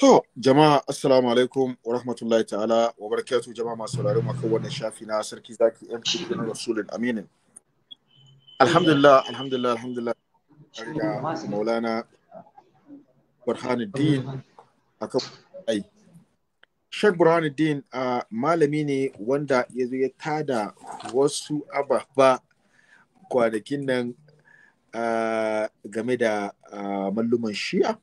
To, jama'a assalamu alaikum wa rahmatullahi ta'ala wa barakatuh jama'a masu sauraron akan wannan shafi na sarki zaki MC Ibn Rasulun Aminin. Alhamdulillah, alhamdulillah, alhamdulillah. Ga Maulana Burhanuddin akan ai. Sheikh Burhanuddin a malami ne wanda ya zo ya tada wasu ababa kwanakin nan game da malluman Shi'a.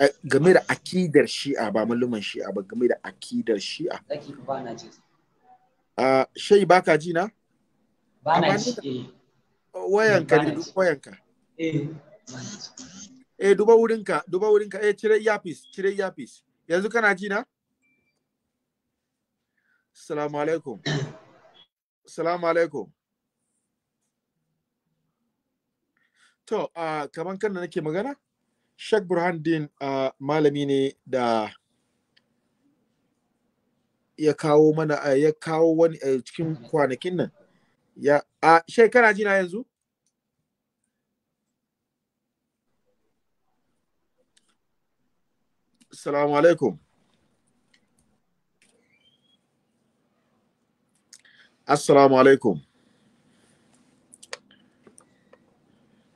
Eh, game da akidar shi'a ba malluman shi'a ba game da akidar shi'a a shai baka ji na ba na eh. oh, ji wayanka ne eh, wayanka eh duba wurinka duba wurinka eh cire yapis cire yapis yanzu kana ji na assalamu alaikum assalamu alaikum to a kaman kan da nake magana Sheikh Burhanuddin uh, malami ne da ya kawo mana uh, ya kawo wani uh, cikin kwanakin nan ya a uh, shekara jina yanzu Assalamu alaikum Assalamu alaikum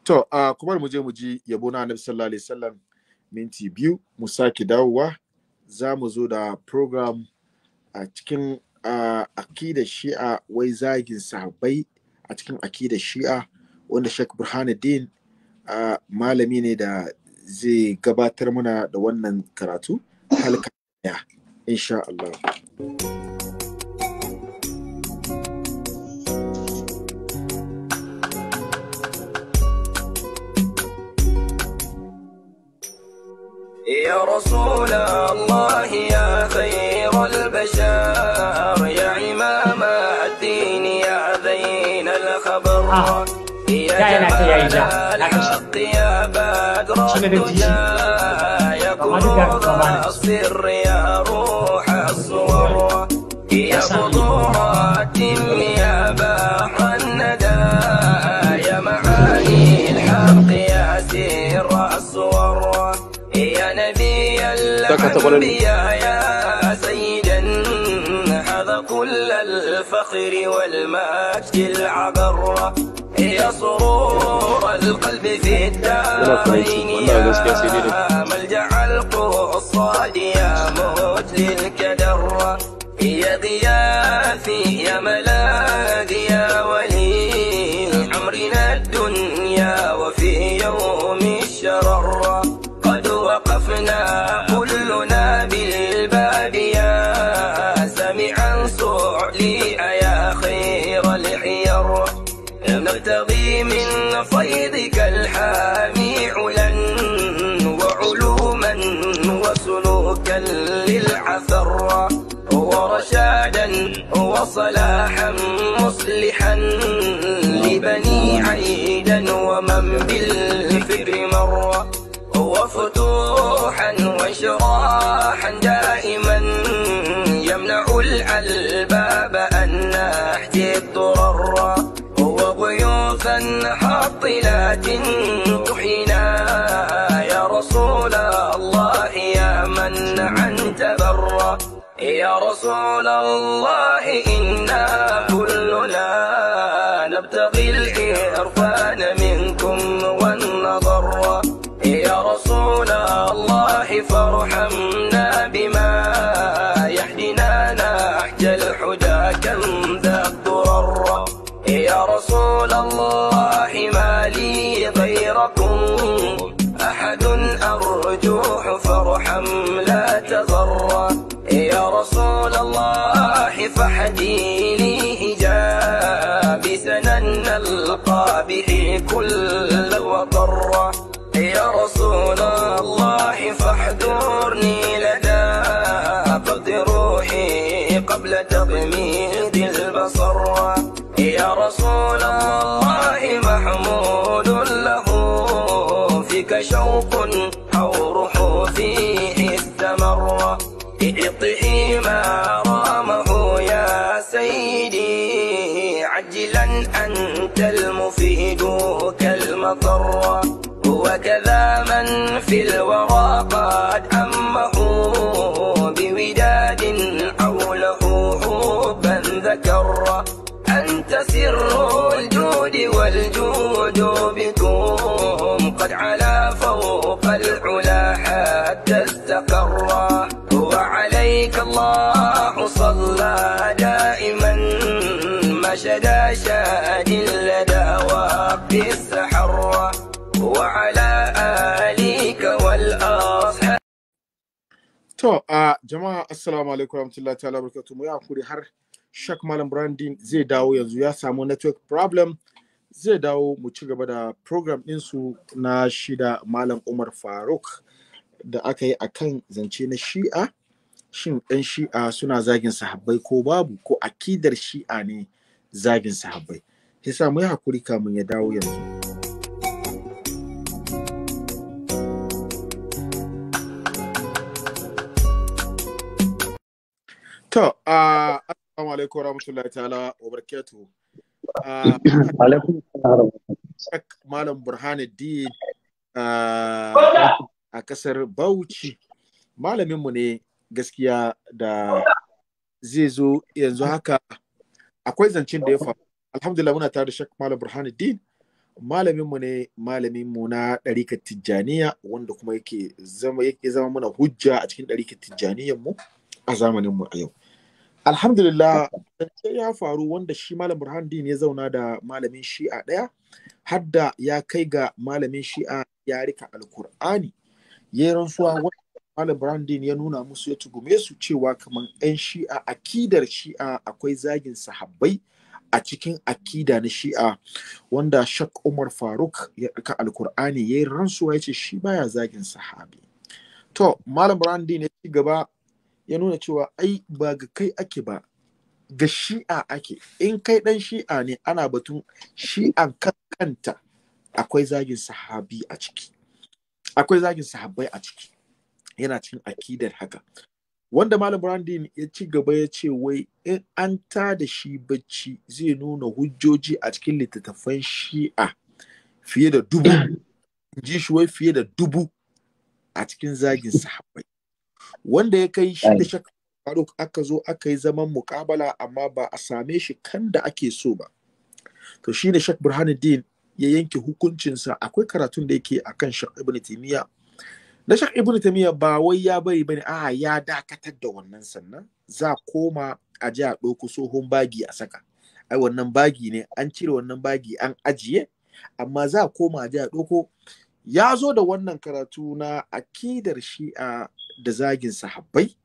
to a kuma mu je mu ji yabo na annabi sallallahu alaihi wasallam minti biyu mu saki dawowa za mu zo da program a cikin akida shi'a wai zagin sahabbai a cikin akidar shi'a wanda Sheikh Burhanuddin malami ne da zai gabatar muna da wannan karatu halka insha Allah. يا رسول الله يا خير البشر يا إمام الدين يا ذين الخبر آه. يا جمال الحق يا بدر الدجى يا كنوز السر يا روح تقول يا سيدا هذا كل الفخر والمجد العبر يسرور القلب في الدارين يا ملجأ القصاد يا موت للكدر يا غياثي يا ملاذي يا ولي عمرنا الدنيا وفي يوم الشرر قد وقفنا ذيك الحامي علا وعلوما وسلوكا للعثر ورشادا وصلاحا مصلحا لبني عيدا ومن بالفكر مر وفتوحا وشراحا دائما يمنع الألباب أن نحجي الضرر ضيوفا حاطلات تحينا يا رسول الله يا من عن تبرى يا رسول الله إنا غيركم أحد أرجوح فارحم لا تغر يا رسول الله فحدي لي إجابسنا نلقى به كل وضر يا رسول الله من في الورى قد أمه بوداد حوله حبا ذكر أنت سر الجود والجود بكم قد على فوق العلا حتى استقر وعليك الله صلى دائما ما شدا شاد لدى وقت السحر To, a jama'a assalamu alaikum warahmatullahi ta'ala barakatuh mu ya kuri har Shak Malam Brandin zai dawo yanzu ya samu network problem zai dawo mu ci gaba da program ɗinsu na shida Malam Umar Faruk da aka yi akan zance na shi'a shin ɗan shi'a suna zagin sahabbai ko babu ko akidar shi'a ne zagin sahabbai. Yasa mu ya hakuri kamun ya dawo yanzu. To, uh, assalamu alaikum rahmatullahi ta'ala wa barakatuhu. alaikum Malam Burhani uh, a kasar Bauchi. Malaminmu ne gaskiya da zai zo yanzu haka akwai zancen da ya faru. Alhamdulillah muna tare da Shek Malam Burhanuddin. Malaminmu ne malaminmu na ɗarikar Tijjaniya wanda kuma yake zama yake zama mana hujja a cikin ɗarikar Tijjaniyan mu a zamaninmu a yau. alhamdulillah sai ya faru wanda shi malam burhan din ya zauna da malamin shi'a ɗaya hadda ya kai ga malamin shi'a ya rika alkur'ani ya yi rantsuwa malam burhan din ya nuna musu ya tugume su cewa kamar 'yan shi'a akidar shi'a akwai zagin sahabbai a cikin akida na shi'a wanda shak umar faruk ya rika alkur'ani ya yi rantsuwa ya ce shi baya zagin sahabi to malam burhan din ya ci gaba ya nuna cewa ai ba ga kai ake ba ga shi'a ake in kai dan shi'a ne ana batun shi'an kanta akwai zagin sahabi a ciki akwai zagin sahabbai a ciki yana cikin akidar haka wanda malam brandin ya ci gaba ya ce wai in an ta da shi bacci zai nuna hujjoji a cikin littattafan shi'a fiye da dubu ji shi wai fiye da dubu a cikin zagin sahabbai wanda ya kai shi da shakka faruk aka zo aka yi zaman mukabala amma ba a same shi kan da ake so ba to shi ne shak burhanuddin ya yanke hukuncinsa akwai karatun da yake akan shak ibn timiya na shak ibn timiya ba wai ya bari bane a ya dakatar da wannan sannan za koma a ji a ɗauko tsohon bagi a saka ai wannan bagi ne an cire wannan bagi an ajiye amma za koma a ji a ɗauko ya zo da wannan karatu na akidar shi'a da zagin sahabbai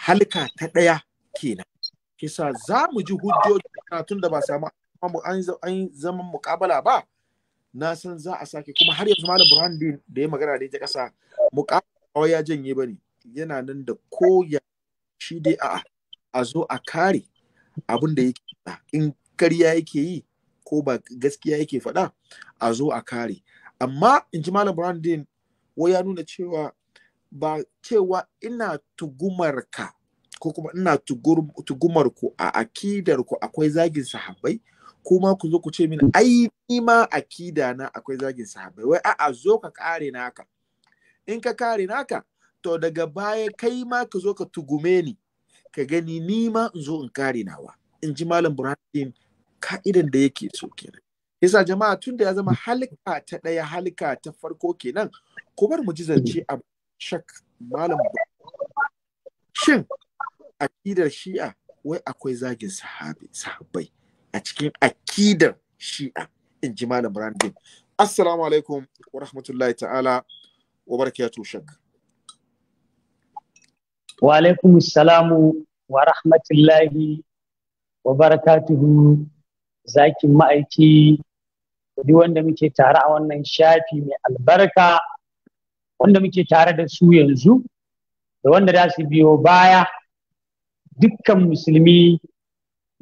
halka ta ɗaya kenan kisa za mu ji hujjoji karatun da ba samu an zama mukabala ba na san za a sake kuma har yanzu malam burhan da ya magana da ya kasa mukabala ya janye ne, yana nan da koya shi dai a a zo a kare abin da yake in karya yake yi ko ba gaskiya yake faɗa a zo a kare amma in ji malam brandin wai ya nuna cewa ba cewa ina tugumar ka ko kuma ina tugumar ku a akidar ku akwai zagin sahabbai kuma ku zo ku ce mini ai ni ma akida na akwai zagin sahabai. wai a'a zo ka kare naka in ka kare naka to daga baya kai ma ka zo ka tugume ni ka gani ni ma in zo in kare nawa in ji malam ɗin, ka'idan da yake so kenan Isa jama'a tun da ya zama halika ta ɗaya halika ta farko kenan, ko bar mu ji zance a shak malam Shin akidar shi'a wai akwai zagin sahabi sahabbai a cikin akidar shi'a in ji malam Brandon. Assalamu alaikum wa rahmatullahi ta'ala wa barakatuhu shak. Wa alaikum salamu wa rahmatullahi wa barakatuhu zakin ma'aiki duk wanda muke tare a wannan shafi mai albarka wanda muke tare da su yanzu da wanda za su biyo baya dukkan musulmi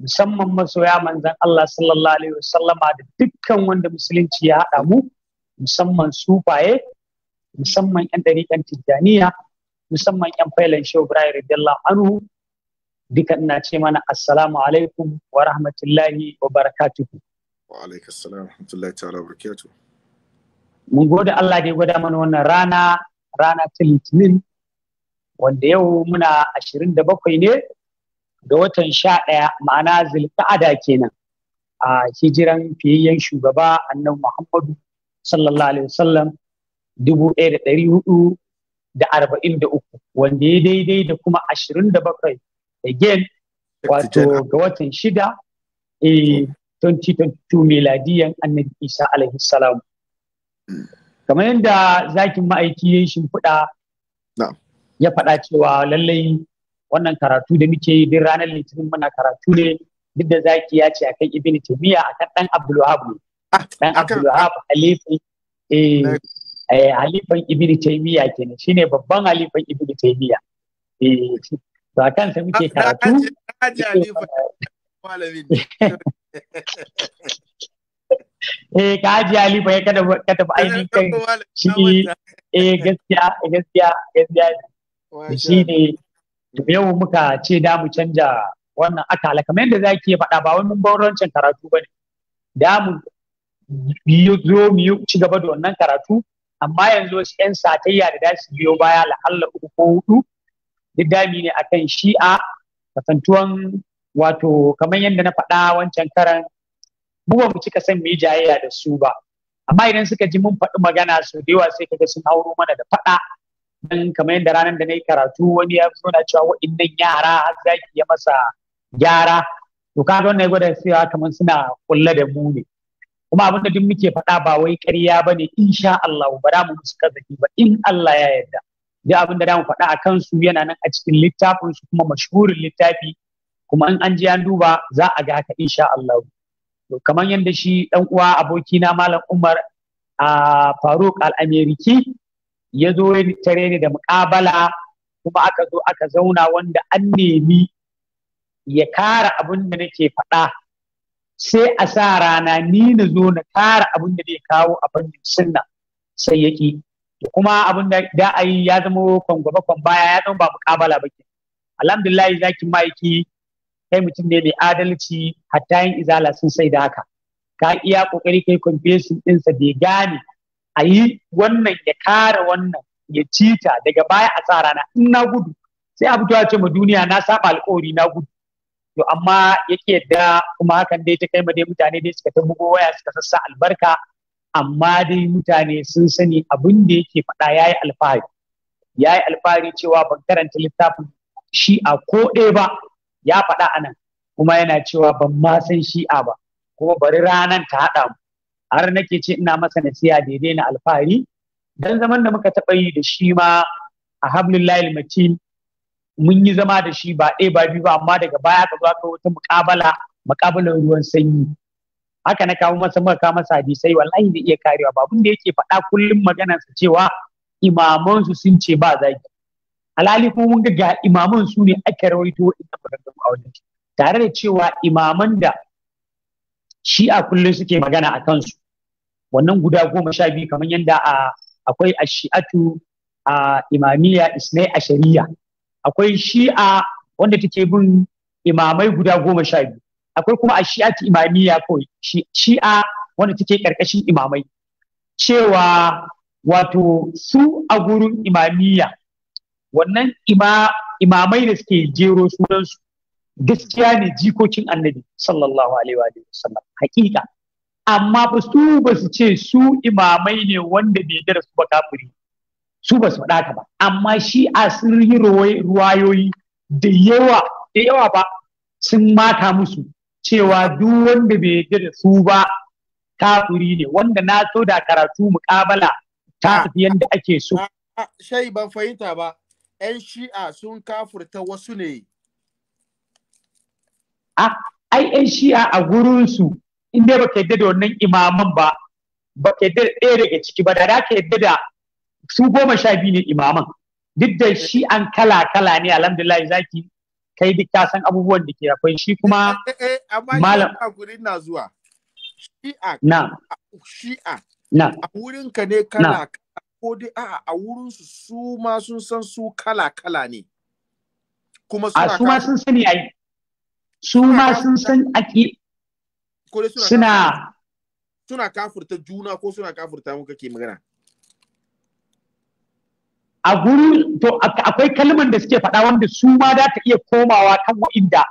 musamman masoya manzan Allah sallallahu alaihi wasallama da dukkan wanda musulunci ya haɗa mu musamman sufaye musamman 'yan ɗariƙan tijjaniya musamman 'yan failan shehu ibrahim radiyallahu anhu duka ina ce mana assalamu alaikum wa rahmatullahi wa barakatuhu Wa alaikar salam rahmatullahi ta'ala barakatu. Mun gode Allah da ya gwada mana wannan rana, rana ta Litinin, wanda yau muna ashirin da bakwai ne ga watan sha ɗaya ma'ana zilka'ada kenan a hijiran fiyayyen shugaba annan Muhammadu sallallahu alaihi wasallam dubu ɗaya da ɗari hudu da arba'in da uku wanda ya daidai da kuma ashirin da bakwai again wato ga watan shida eh 2022 miladiyan annabi isa alaihi salam kamar yadda zakin ma'aiki ya yi shimfiɗa ya faɗa cewa lallai wannan karatu da muke yi duk ranar litinin muna karatu ne duk da zaki ya ce akan ibn taymiya akan dan abdulwahab ne dan ah, abdulwahab halifin eh, eh. eh halifan ibn taymiya kenan shine babban halifan ibn taymiya eh to akan sa muke karatu malamin eh kaji ali fa kada kada ba aini kan shi eh gaskiya gaskiya gaskiya shi ne yau muka ce da mu canja wannan akala kamar yadda zaki faɗa ba wai mun baurancin karatu ba ne da mu zo mu yi ci gaba da wannan karatu amma yanzu wasu 'yan satayya da za su biyo baya la'alla uku ko hudu duk dami ne akan shi'a kasantuwan wato kamar yadda na faɗa wancan karan mu ba mu cika son mu yi jayayya da su ba amma idan suka ji mun faɗi magana su da yawa sai kaga sun hauro mana da faɗa dan kamar yadda ranar da na yi karatu wani ya zo na cewa wa'innan yara har zaki ya masa gyara to ka ga wannan ya gwada cewa kamar suna kulla da mu ne kuma abin da duk muke faɗa ba wai ƙarya ba ne insha Allah ba za mu musu kazafi ba in Allah ya yarda duk abin da za mu faɗa a kansu yana nan a cikin littafin su kuma mashhurin littafi kuma in an je an duba za a ga haka insha Allah to kamar yadda shi dan uwa abokina malam Umar a Faruk al-Ameriki ya zo ya tare ni da muƙabala kuma aka zo aka zauna wanda an nemi ya kara abin da nake faɗa sai a sa rana ni na zo na kara abin da zai kawo a fannin sunna sai To kuma abin da da a yi ya zama kwan kwan baya ya zama ba muƙabala ba ke alhamdulillah zakin ma'aiki kai mutum ne mai adalci hatta yin izala sun sai da haka ka iya kokari kai confession ɗinsa bai gane a yi wannan ya kara wannan ya cita daga baya a tsara na in na gudu sai abu ta ce ma duniya na saba alkawari na gudu to amma yake da kuma hakan dai ta kai ma dai mutane dai suka ta bugo waya suka sassa albarka amma dai mutane sun sani abin da yake faɗa ya yi alfahari Ya yi alfahari cewa ban karanta littafin shi a ko ɗaya ba ya faɗa anan kuma yana cewa ban ma san shi'a ba kuma bari ranan ta haɗa mu har nake ce ina masa nasiya daidai na alfahari dan zaman da muka taɓa yi da shi ma a hablillahi matin mun yi zama da shi ba ɗaya ba biyu ba amma daga baya ka zo aka wata muƙabala muƙabalar ruwan sanyi haka na kawo masa muka kawo masa hadisai wallahi zai iya karewa ba abin da yake faɗa kullum maganarsa cewa imamansu sun ce ba zaki alhali kuma mun ga ga imaman su ne ake rawaito inda maganganu a wajen tare da cewa imaman da shi'a kullum suke magana a kansu wannan guda goma sha biyu kamar yadda akwai a shi'atu a imamiya isnai a shari'a akwai shi'a wanda take bin imamai guda goma sha biyu akwai kuma a shi'atu imamiya kawai shi'a wanda take karkashin imamai cewa wato su a gurin imamiya wannan imamai da suke jero sunansu gaskiya ne jikokin annabi sallallahu alaihi wa sallam hakika amma ba su ba su ce su imamai ne wanda bai da su ba kafiri su ba su faɗa ba amma shi a sun yi ruwayoyi da yawa da yawa ba sun mata musu cewa duk wanda bai yarda da su ba kafiri ne wanda na so da karatu muƙabala ta yadda ake so. Shai ban fahimta ba. ‘yan shi'a sun kafurta wasu ne. A, ai ‘yan shi'a a gurinsu, inda ba baka yadda da wannan imaman ba, baka yadda da ɗaya daga ciki ba, da da ka yadda da su goma sha biyu ne imaman. Duk da shi an kala-kala ne, alhamdulillah zaki kai duk ka san abubuwan da ke akwai shi kuma eh, eh, eh, malam. na zuwa. Shi'a. Na. Shi'a. Na. A wurinka ne kala-kala. ko dai a'a a wurinsu su ma sun san su kala-kala ne. Kuma suna su ma sun sani ai. Su ma sun san aki. Suna suna kafurta juna ko suna kafurta muka ke magana. A guri to akwai kalman da suke faɗa wanda su ma za ta iya komawa kan wa'inda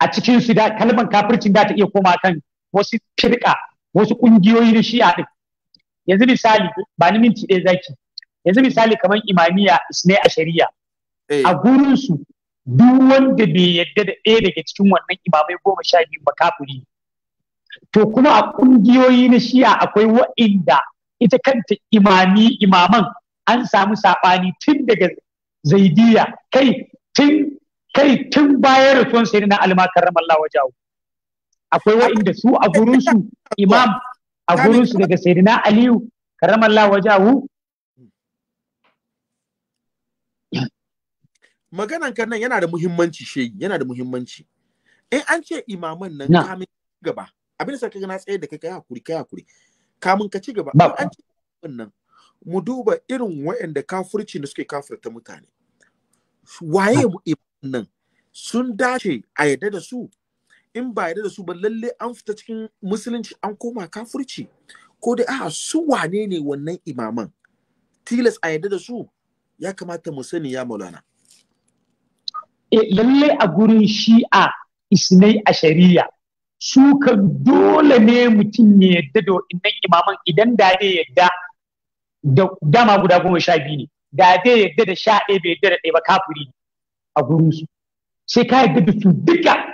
a cikin su da kalman kafircin da ta iya komawa kan wasu firka wasu ƙungiyoyi na shi'a din. yanzu misali ba ni minti ɗaya zaki yanzu misali kamar imamiya isne a shari'a eh. a gurin su duk wanda bai yadda da ɗaya daga cikin wannan imamai goma sha biyu ba kafuri to kuma a ƙungiyoyi na shiya akwai wa'inda ita kanta imami imaman an samu saɓani tun daga zaidiya kai tun kai tun bayan rasuwan sai na almakar ramallah wajawo akwai wa'inda su a gurin su imam a gurin su daga sayyidina aliyu karamallah wajahu maganan karnan yana da muhimmanci shehi yana da muhimmanci in an ce imaman nan kamin gaba abin da sarki na tsaye da kai kai hakuri kai hakuri kamun ka ci gaba an ce imaman nan mu duba irin waɗanda kafurci da suke kafurta mutane waye mu imaman nan sun dace a yadda da su in ba yarda da su ba lalle an fita cikin musulunci an koma kafurci ko dai a su wane ne wannan imaman tilas a yarda da su ya kamata mu sani ya maulana eh, lalle a gurin shi'a isnai a shari'a su kan dole ne mutum ya yadda da waɗannan imaman idan da ne yadda da dama guda goma sha biyu ne da zai yadda da sha ɗaya bai yadda da ɗaya ba kafiri a gurin su sai ka yadda da su duka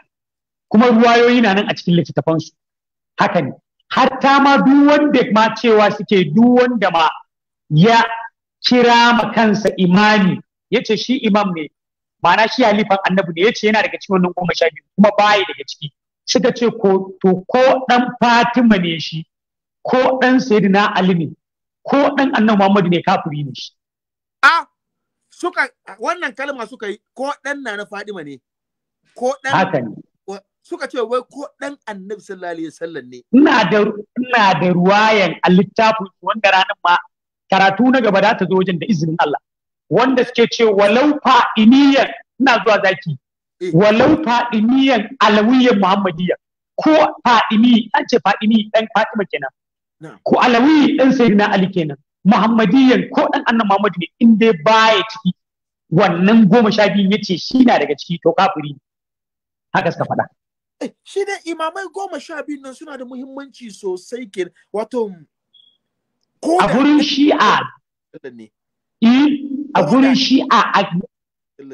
kuma ruwayoyi na nan a cikin littattafansu haka ne ta ma duk wanda ma cewa suke duk wanda ma ya kira ma kansa imani? Ya ce shi imam ne ma'ana shi halifan annabi ne Ya ce yana daga cikin wannan goma sha biyu kuma baya daga ciki suka ce ko to ko dan Fatima ne shi ko dan Sayyidina Ali ne ko dan Annabi Muhammad ne kafiri ne shi a suka wannan kalma suka yi ko dan na na Fatima ne ko dan haka ne suka ce wai ko dan annabi sallallahu alaihi wasallam ne ina da ina da ruwayan a littafin wanda ranar ma karatu na gaba da ta zo wajen da izinin Allah wanda suke ce walau iniyan ina zuwa zaki eh. walau iniyan alawiyyan muhammadiyya ko ini an ce ini dan Fatima kenan ko alawi dan sayyidina Ali kenan muhammadiyyan ko dan annabi Muhammad ne in dai baya ciki wannan goma sha biyu yace shi na daga ciki to kafiri haka suka faɗa Eh, shi dai imamai goma sha biyu nan suna da muhimmanci sosai ke wato e, a gurin shi'a a gurin shi'a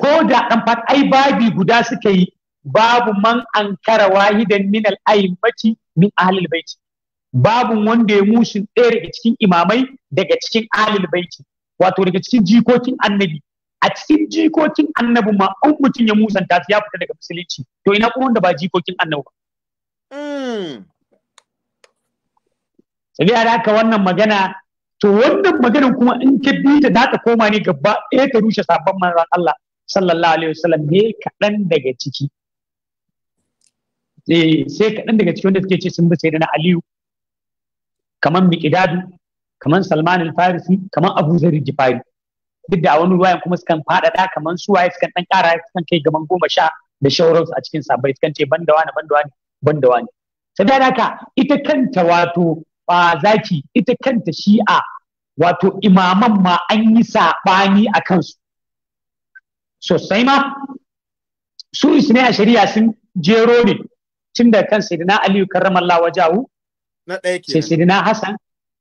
ko da ɗan fat ai babi guda suka yi babu man an kara wahidan min al'aimmaci min ahalil baiti babu wanda ya mushin ɗaya daga cikin imamai daga cikin ahalil baiti wato daga cikin jikokin annabi a cikin jikokin annabi ma an mutum ya musanta ya fita daga musulunci to ina kuma wanda ba jikokin annabi ba hmm. sabiya a raka wannan magana to wannan magana kuma in ka bi ta za ta koma ne gaba ɗaya ka rushe sabon manzan Allah sallallahu alaihi wasallam ne kaɗan daga ciki eh, sai kaɗan daga ciki wanda suke ce sun bi sai na Aliyu kamar mikidadu kamar Salman al-Farisi kamar Abu Zar Jifari. duk da wani ruwayan kuma sukan faɗaɗa kamar waye sukan ɗan ƙara sukan kai gaban goma sha da shauransu a cikin sabai sukan ce ban da wani ban da wani ban da wani haka ita kanta wato zaki ita kanta shi'a wato imaman ma an yi saɓani a kansu sosai ma su ne a shari'a sun jero ne tun da kan sayyidina aliyu karramallahu wajahu na ɗaya sai sayyidina Hassan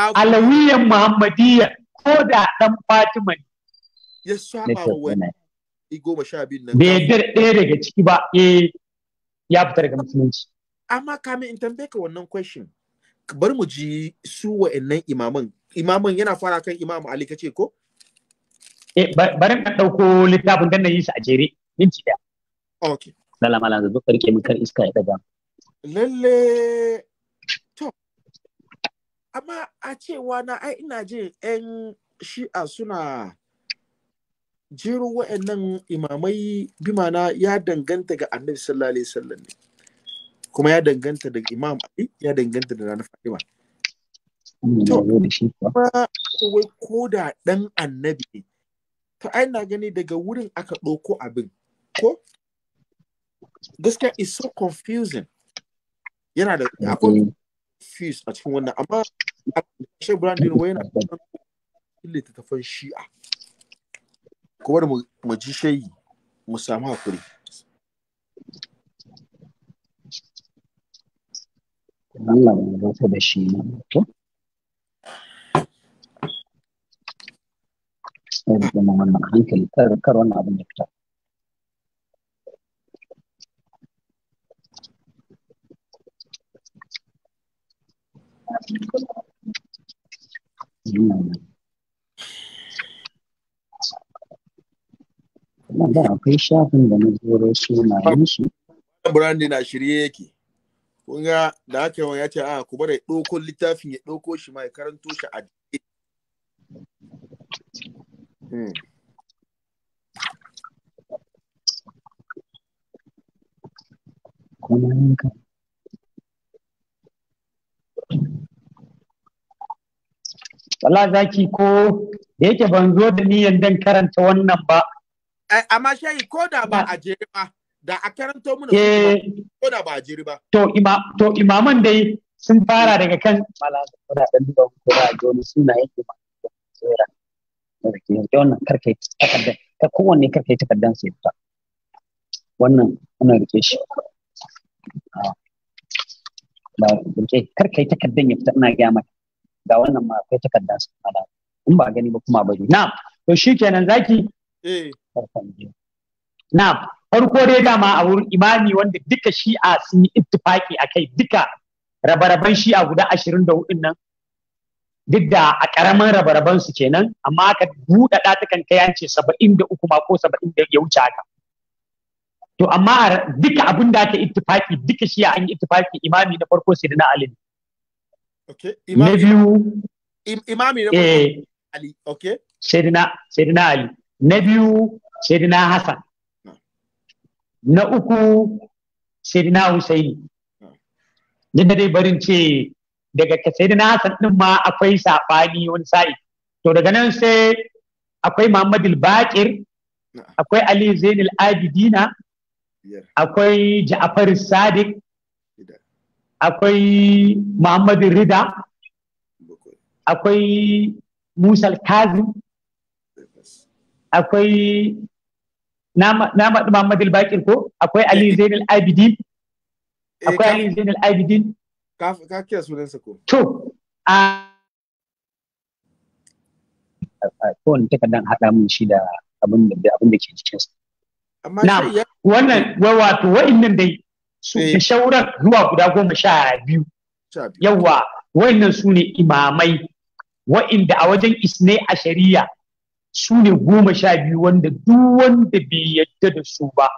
alawiyan muhammadiyya ko da dan fatima ne ya saba wa wani goma sha biyu nan bai dar ɗaya daga ciki ba eh ya fita daga musulunci amma kamin in tambaye ka wannan question bari mu ji su wa'annan imaman imaman yana fara kan imam ali kace ko eh bari na dauko littafin dan nan yi shi a jere minti daya okay lalla malam zo karke min kar iska ya daga lalle amma a cewa na ai ina jin 'yan shi'a suna jiro wa'annan imamai bimana ya danganta ga annabi sallallahu alaihi wasallam ne kuma ya danganta da imam ali ya danganta da ranar fatima to wai ko da dan annabi to ai na gani daga wurin aka ɗauko abin ko gaskiya is so confusing yana da akwai confused a cikin wannan amma shi brandon wai na ta tafan shi'a kuma da mu ji shayi mu samu hakuri Allah ya gasa da shi ne to sai da mun wannan hankali kar wannan abin da fita da akwai shafin da na zoro shi. shirye yake. Kun ga ce a ah, ku bari littafin ya ɗauko shi ma ya karanto shi a hmm. wallahi zaki ko da yake ban zo da niyan dan karanta wannan ba eh, amma shayi ko da ba a jere ba da a karanto mana eh. ko da ba a jere ba to ima to imaman dai sun fara daga kan malaka ko da dan duba ko da joni suna yake ba tsira da ke da wannan karkai takaddan ta kowanne karkai takaddan sai ta wannan ana rike shi ah. ba rike karkai takaddan ya fita ina ga maka ga wannan ma akwai takarda su fada in ba gani ba kuma bari na to shikenan zaki eh na farko dai dama a wurin imami wanda duka shi'a sun yi ittifaki akai duka rabaraban raben shi'a guda ashirin da hudun nan duk da a ƙaramin rabaraban su kenan amma aka buɗa ta kan kai ce saba'in da uku ma ko saba'in da ya wuce haka to amma duka abin da aka ittifaki duka shi'a an yi ittifaki imami na farko sai na alin Okay. Imam, eh. Ali. ok Sayyidina Sayyidina Ali. Na biyu Hassan. Na uku Sayyidina Husaini. Din da dai barin ce daga Sayyidina Hassan din ma akwai sabani wani sa'i. To daga nan sai akwai Muhammad al-Baqir, akwai Ali Zainul Abidina, akwai Ja'far Sadiq, akwai Muhammadu Rida akwai Musa Kazim akwai Namadu Muhammadu Bakir ko akwai Ali eh, eh. Zainal Abidin eh, akwai Ali Zainal Abidin ka su sunansa ko to a kowane takardar haɗa mun shi da abin da ke jikinsa na wannan wato wa'in nan dai su eh. shauran zuwa guda goma sha biyu yawa wayannan su ne imamai wa'inda a wajen isne a shari'a su ne goma sha biyu wanda duk bai yadda da su ba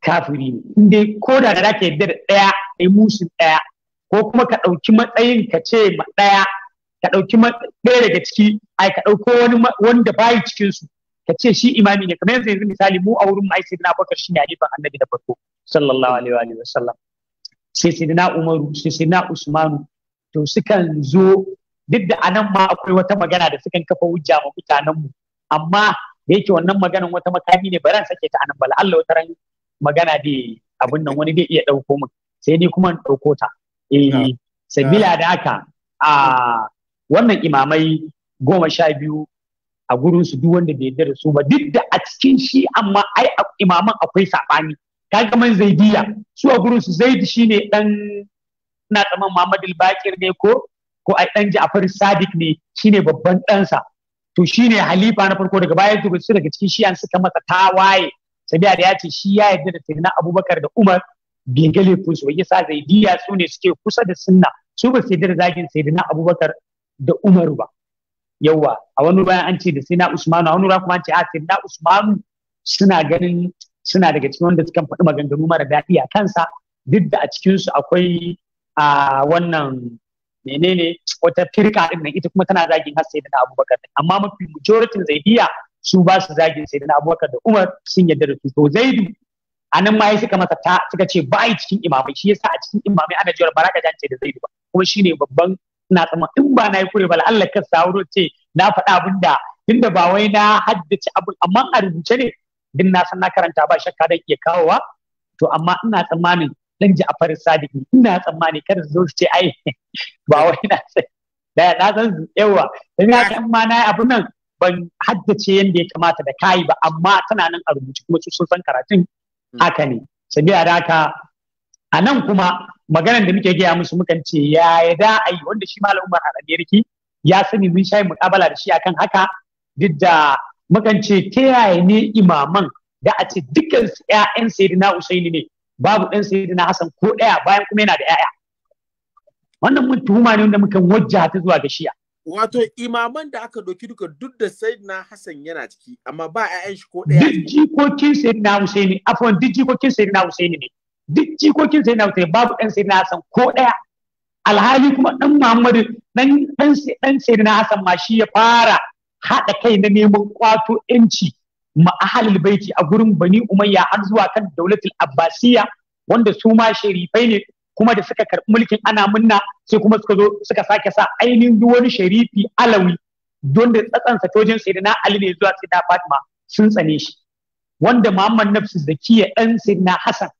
kafiri ne inda ko da da ka yadda da ɗaya a yi musu ɗaya ko kuma ka ɗauki matsayin ka ce ma ɗaya ka ɗauki ɗaya daga ciki ai ka ɗauko wani wanda bayi cikinsu, ka ce shi imami ne kamar yanzu yanzu misali mu a wurin mu na bakar shi ne alifan annabi da farko sallallahu alaihi wa sallam sai na umaru sai na usmanu to sukan zo duk da anan ma akwai wata magana da sukan kafa hujja ma mu amma da yake wannan maganan wata makami ne ba sake ta anan bala Allah wata ran magana da abin nan wani zai iya ɗauko mu sai ni kuma in ɗauko ta eh sabila da haka a wannan imamai goma sha biyu a gurin su duk wanda bai yarda da su ba duk da a cikin shi amma ai imaman akwai saɓani kaga man zaidiya su a gurin su zaidi shine dan ina tsaman Muhammad al-Bakir ne ko ko ai dan Ja'far Sadiq ne shine babban ɗansa to shine halifa na farko daga bayan duk su daga cikin shi'an suka masa tawaye sabiya da ya ce shi ya yarda da sayyidina Abubakar da Umar bai ga laifin su yasa zaidiya su ne suke kusa da sunna su ba su da zagin sayyidina Abubakar da Umar ba yawa a wani bayan an ce da na Usman a wani kuma an ce a na Usman suna ganin suna daga cikin wanda suka faɗi maganganu mara daɗi a kansa duk da a cikinsu akwai a wannan menene wata firka din nan ita kuma tana zagin har sai da abubakar amma mafi majoritin zaidiya su ba su zagin sai da abubakar da umar sun yarda da su to zaidu a nan ma ya suka masa ta suka ce ba a cikin imamai shi yasa a cikin imamai ana jiwar baraka jance da zaidu ba kuma shi ne babban ina tsama in ba na yi kure ba Allah ka sauro ce na faɗa abin da tunda ba wai na haddace abin amma a rubuce ne din na san na karanta ba shakka dan iya kawowa to amma ina tsammanin dan farin Sadiki ina tsammani kada su zo su ce ai ba wai na sai da na san yawa ina abu nan ban haddace yadda ya kamata da kayi ba amma tana nan a rubuce kuma su san karatun hmm. haka ne sabi da haka a nan kuma maganar da muke gaya musu mukan ce ya yada a wanda shi malamin umar a ya sani mun shayi mukabala da shi akan haka duk da mukan ce ta yaya ne imaman da a ce dukkan ƴaƴan sayyidina Usaini ne babu ɗan sayyidina Hassan ko ɗaya bayan kuma yana da ƴaƴa wannan mun tuhuma ne wanda mukan wajja ta zuwa ga shiya. wato imaman da aka doki duka duk da sayyidina Hassan yana ciki amma ba ƴaƴan shi ko ɗaya duk jikokin sayyidina Usaini afwan duk jikokin sayyidina Usaini ne duk jikokin sayyidina Usaini babu ɗan sayyidina Hassan ko ɗaya alhali kuma ɗan Muhammadu ɗan ɗan Hassan ma shi ya fara haɗa kai na neman kwato yanci ma baiti a gurin bani umayya har zuwa kan daulatul abbasiya wanda su ma sharifai ne kuma da suka karɓi mulkin ana munna sai kuma suka zo suka sake sa ainihin duk wani sharifi alawi don da tsatsansa tojin na ali ne zuwa sayyidina fatima sun tsane shi wanda muhammad nafsu zakiya dan na hasan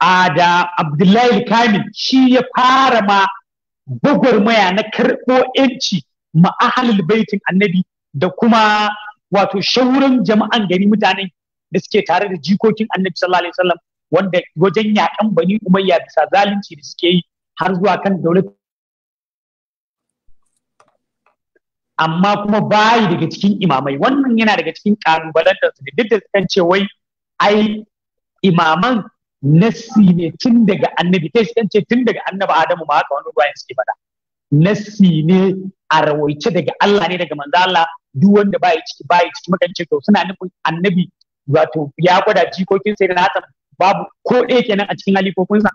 a da abdullahi kamil shi ya fara ma gwagwarmaya na karɓo yanci ma'ahalul baitin annabi da kuma wato shauran jama'an gari mutane da suke tare da jikokin annabi sallallahu alaihi wasallam wanda wajen yaƙan bani umayya bisa zalunci da suke yi har zuwa kan daular amma kuma bayi daga cikin imamai wannan yana daga cikin kalubalen da su duk da kan ce wai ai imaman nasi ne tun daga annabi kai kan ce tun daga annabi adamu ma haka wani yin suke faɗa nassi ne a rawaice daga Allah ne daga manzo Allah duk wanda bai ciki bai ciki mukan ce to suna nufin annabi wato ya gwada jikokin sai na san babu ko ɗaya kenan a cikin sa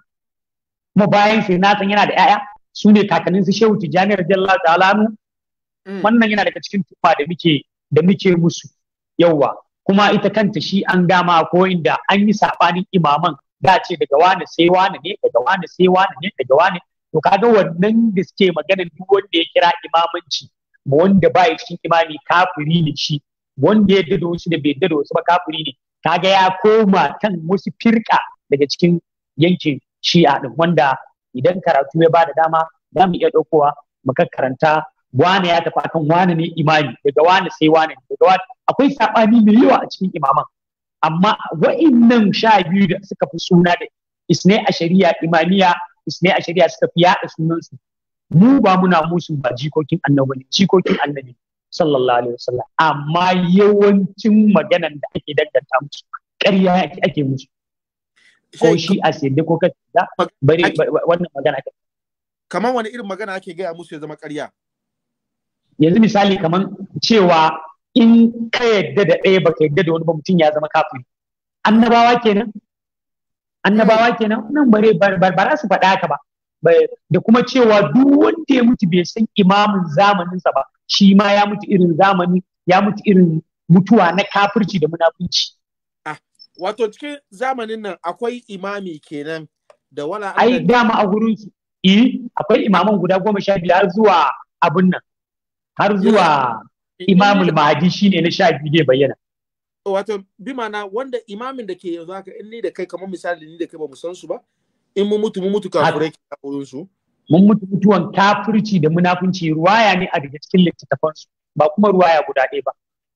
kuma bayan sai na san yana da 'ya'ya su ne kakannin su Shehu tijani radiyallahu ta'ala mu mm. wannan yana daga cikin tufa da muke da muke musu yauwa kuma ita kanta shi an gama ko inda an yi sabanin imaman da ce daga wani sai wani ne daga wani sai wani ne daga wani to kaga wannan da suke magana duk wanda ya kira imamanci wanda ba ya cikin imani kafiri ne shi wanda ya dado wasu da bai dado wasu ba kafiri ne kaga ya koma kan wasu firka daga cikin yankin shi'a din wanda idan karatu ya bada dama za mu iya ɗaukowa mu karanta wane ya tafi akan wane ne imani daga wane sai wane daga wane akwai saɓani mai yawa a cikin imaman amma wa'innan sha biyu da suka fi suna da isne a shari'a imaniya ismai a shari'a suka fi yaɗa sunansu mu ba muna musu ba jikokin annabi ne jikokin annabi sallallahu alaihi wasallam amma yawancin maganan da ake danganta musu ƙarya ake musu ko shi a sai ko ka da bari wannan magana ake kamar wani irin magana ake gaya musu ya zama ƙarya yanzu misali kamar cewa in ka yadda da ɗaya baka yadda da wani ba mutum ya zama kafiri annabawa kenan annabawa hmm. kenan nan bare ba su faɗa ka ba da kuma cewa duk wanda ya mutu bai san imamin zamaninsa ba shi ma ya mutu irin zamani ya mutu irin mutuwa na kafirci da munafunci ah, wato cikin zamanin nan akwai imami kenan da wala ai dama a gurin su eh akwai imaman guda goma sha biyu har zuwa abun nan har zuwa imamul mahadi shine na sha biyu zai bayyana wato bi mana wanda imamin da ke yanzu haka in ni da kai kamar misali ni da kai ba mu san su ba in mun mutu mun mutu kafirai ke wurin su mun mutu mutuwan kafirci da munafunci ruwaya ne a daga cikin littattafan su ba kuma ruwaya guda ɗaya ba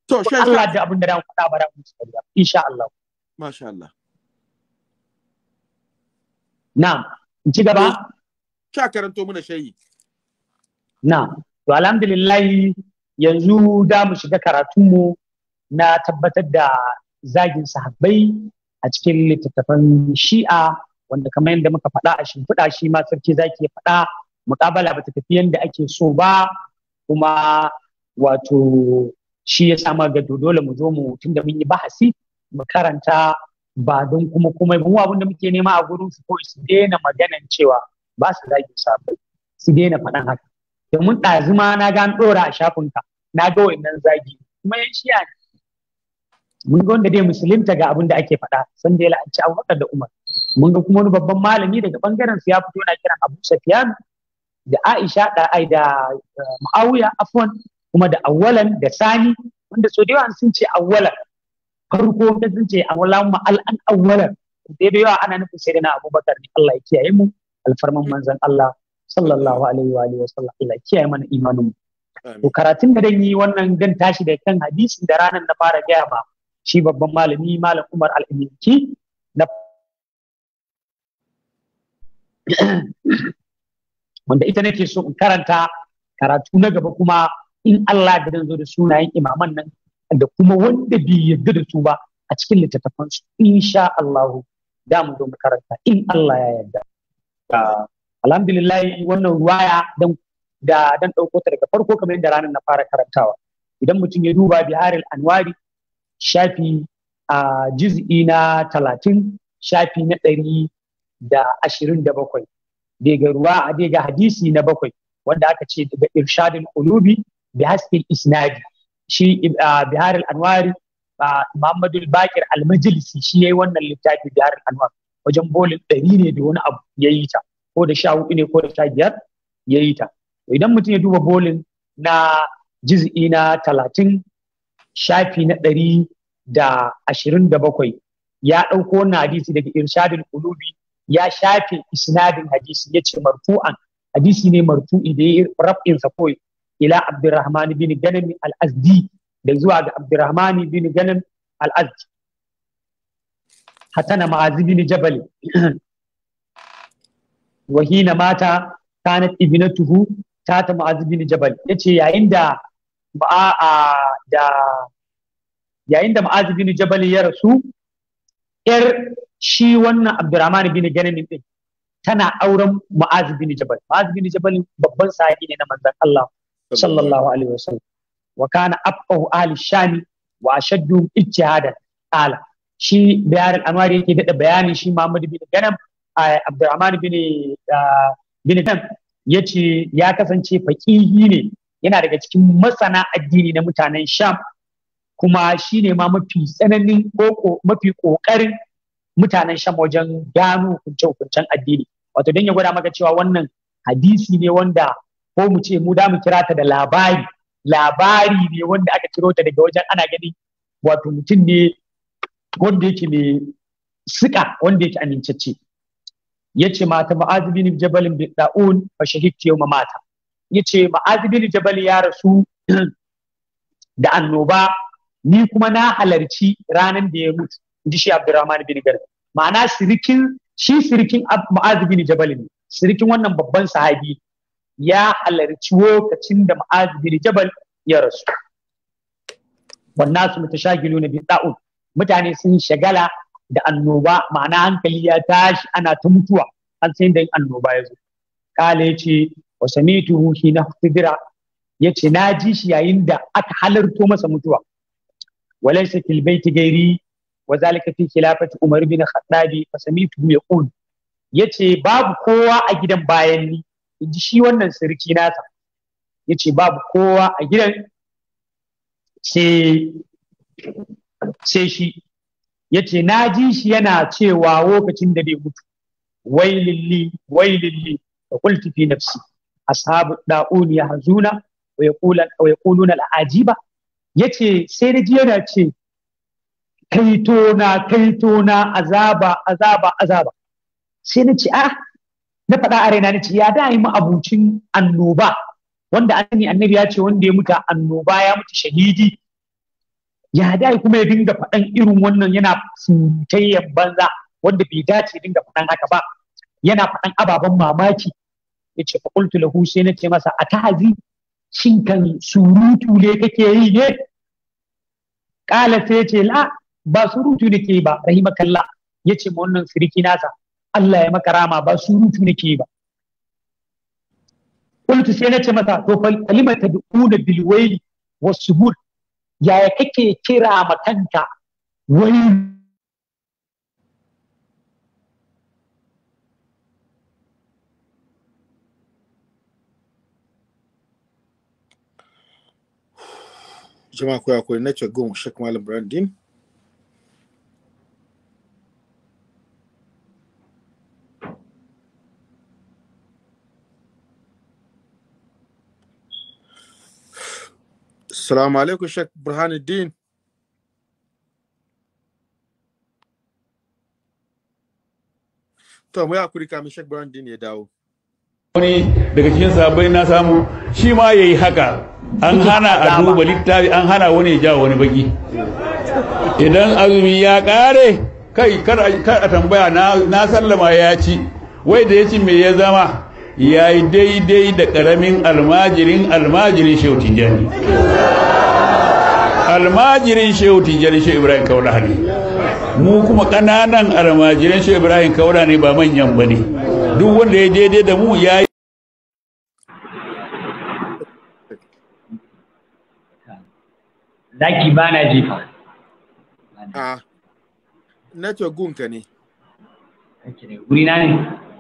to sha Allah da abin da ran faɗa ba ran musu ba insha Allah masha Allah na'am in ci gaba sha karanto mana shayi na'am to alhamdulillah yanzu da mu shiga karatunmu mu na tabbatar da zagin sahabbai a cikin littattafan shi'a wanda kamar yadda muka faɗa a shimfiɗa shi ma sarki zaki ya faɗa muƙabala bata tafi yadda ake so ba kuma wato shi ya sama ga dole mu zo mu tun da mun yi bahasi mu karanta ba don kuma kuma mu abin da muke nema a gurin su kawai su daina maganan cewa ba su zagi sahabbai su daina faɗan haka domin ɗazuma na ga ɗora a shafinka na ga nan zagi kuma yan shi'a ne mun ga wanda zai musulunta ga abin da ake faɗa san da ya la'anci Abubakar da Umar mun ga kuma wani babban malami daga bangaren su ya fito yana kiran Abu safiyan da Aisha da ai da eh, Muawiya afwan kuma da awwalan da sani wanda so da yawa sun ce awwalan farko da sun ce awwalan ma al'an awwalan dai da yawa ana nufin sai na Abubakar ne Allah ya kiyaye mu alfarman manzon Allah sallallahu alaihi wa alihi wa sallam Allah ya kiyaye mana imanin mu to karatun da dan yi wannan dan tashi da kan hadisin da ranar na fara gaya ba shi babban malami malam Umar al na wanda ita nake so in karanta karatu na gaba kuma in Allah da zan zo da sunayen imaman nan da kuma wanda bai yarda da su ba a cikin littattafan su insha Allah da mu zo mu karanta in Allah ya yarda alhamdulillah wannan ruwaya dan da dan dauko ta daga farko kamar yadda ranar na fara karantawa idan mutum ya duba biharil anwari shafi a juz'i na talatin shafi na ɗari da ashirin da bakwai daga ruwa a daga hadisi na bakwai wanda aka ce daga irshadin ulubi bi hasbil isnadi shi bihar al-anwari muhammadu bakir al-majlisi shi yayi wannan littafi bihar al-anwar wajen bolin ɗari ne da wani abu ya yi ta ko da sha hudu ne ko da sha biyar ya yi ta idan mutum ya duba bolin na jiz'i na talatin shafi na ɗari da ashirin da bakwai ya ɗauko wannan hadisi daga irshadin kulubi ya shafe isnadin hadisi ya ce martu'an hadisi ne marfu'i da ya raf'insa kawai ila abdurrahman bin ganin al da zuwa ga abdurrahman bin ganin al hatana ma'azi bin jabal wahina mata kanat ibnatuhu tata ma'azi bin jabal yace yayin da a da yayin da ma'az bin ya rasu yar shi wannan abdurrahman bin ganin din tana auren ma'az bin jabal ma'az bin jabal babban sahabi ne na manzon Allah sallallahu alaihi wasallam wa kana afqahu ahli shami wa ashaddu ijtihadan ala shi bayar al-anwar yake dada bayanin shi Muhammad bin Ganam Abdurrahman bin bin Ganam yace ya kasance faqihi ne yana daga cikin masana addini na mutanen sham kuma shi ne ma mafi tsananin koko mafi kokarin mutanen sham wajen gano hukunce-hukuncen addini wato don ya gwada maka cewa wannan hadisi ne wanda ko mu ce mu da mu kira ta da labari labari ne wanda aka kiro ta daga wajen ana gani wato mutum ne wanda yake mai sika wanda yake amincacce yace mata ma'azu jabalin bi da'un fa shahidti yawma mata yace ma'az bin jabal ya rasu da annoba ni kuma na halarci ranan da ya mutu inji shi abdurrahman bin garba ma'ana sirikin shi sirikin ma'az jabal ne sirikin wannan babban sahabi ya halarci lokacin da ma'az jabal ya rasu wannan su mutashagiluna bi da'un mutane sun shagala da annoba ma'ana hankali ya tashi ana ta mutuwa an sai da annoba ya zo kala yace ce wa na hina Ya yace na ji shi yayin da aka halarto masa mutuwa walaysa fil baiti gairi wa zalika fi khilafati umar bin khattab fa samituhu yaqul yace babu kowa a gidan bayan ni ji shi wannan sirki nasa yace babu kowa a gidan sai sai shi yace na ji shi yana cewa lokacin da bai mutu waililli waililli fa qultu fi nafsi ashabu da'un ya hazuna wa yaqula yaquluna al'ajiba yace sai da yana ce kaito na kaito na azaba azaba azaba sai na ce ah na faɗa a raina na ce ya da yi mu abucin annoba wanda annabi annabi ya ce wanda ya mutu annoba ya mutu shahidi ya da kuma ya dinga faɗan irin wannan yana sutayyan banza wanda bai dace dinga faɗan haka ba yana faɗan ababen mamaki yace fa qultu lahu sai nace masa atahazi shin kan surutu ne kake yi ne kala sai yace la ba surutu nake ba rahimakallah yace ma wannan siriki nasa Allah ya maka rama ba surutu nake ba qultu sai nace masa to fa kalimata bi'una bil waili was subur yaya kake kira ma kanka wailu jama'a ku yakuri na ce gun shek malam brandin Assalamu alaikum Sheikh Burhanuddin. To mu ya kuri kamin Sheikh Burhanuddin ya dawo. wani daga cikin sabai na samu shi ma ya yi haka an hana a duba littafi an hana wani ya jawo wani baki idan azumi ya kare kai kar a tambaya na sallama ya ci wai da ya ci me ya zama ya yi daidai da karamin almajirin almajirin shehu tijjani almajirin shehu tijjani shehu ibrahim kaula ne mu kuma kananan almajirin shehu ibrahim kaula ne ba manyan ba ne duk wanda ya daidai da mu ya zaki ba na jifa a network gunka ne Guri na ne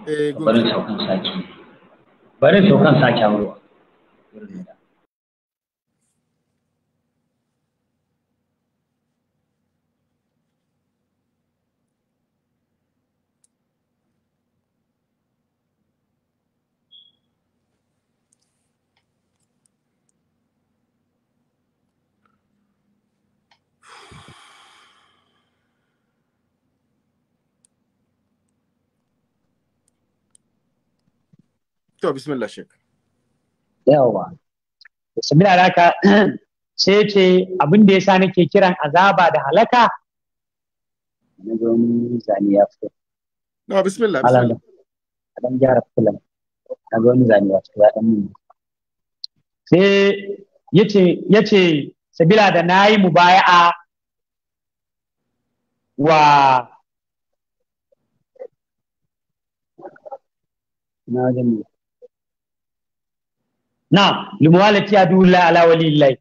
eh, barin saukan sake barin saukan sake a ruwa. da to bismillah shek yawa sabila alaka sai ce abin da yasa nake kiran azaba da halaka na zo zani ya fito na bismillah bismillah dan gyara kullum na zo zani ya fito ya dan mun sai yace yace sabila da nayi mubaya'a wa na wajen na limuwalati adullah ala waliyillah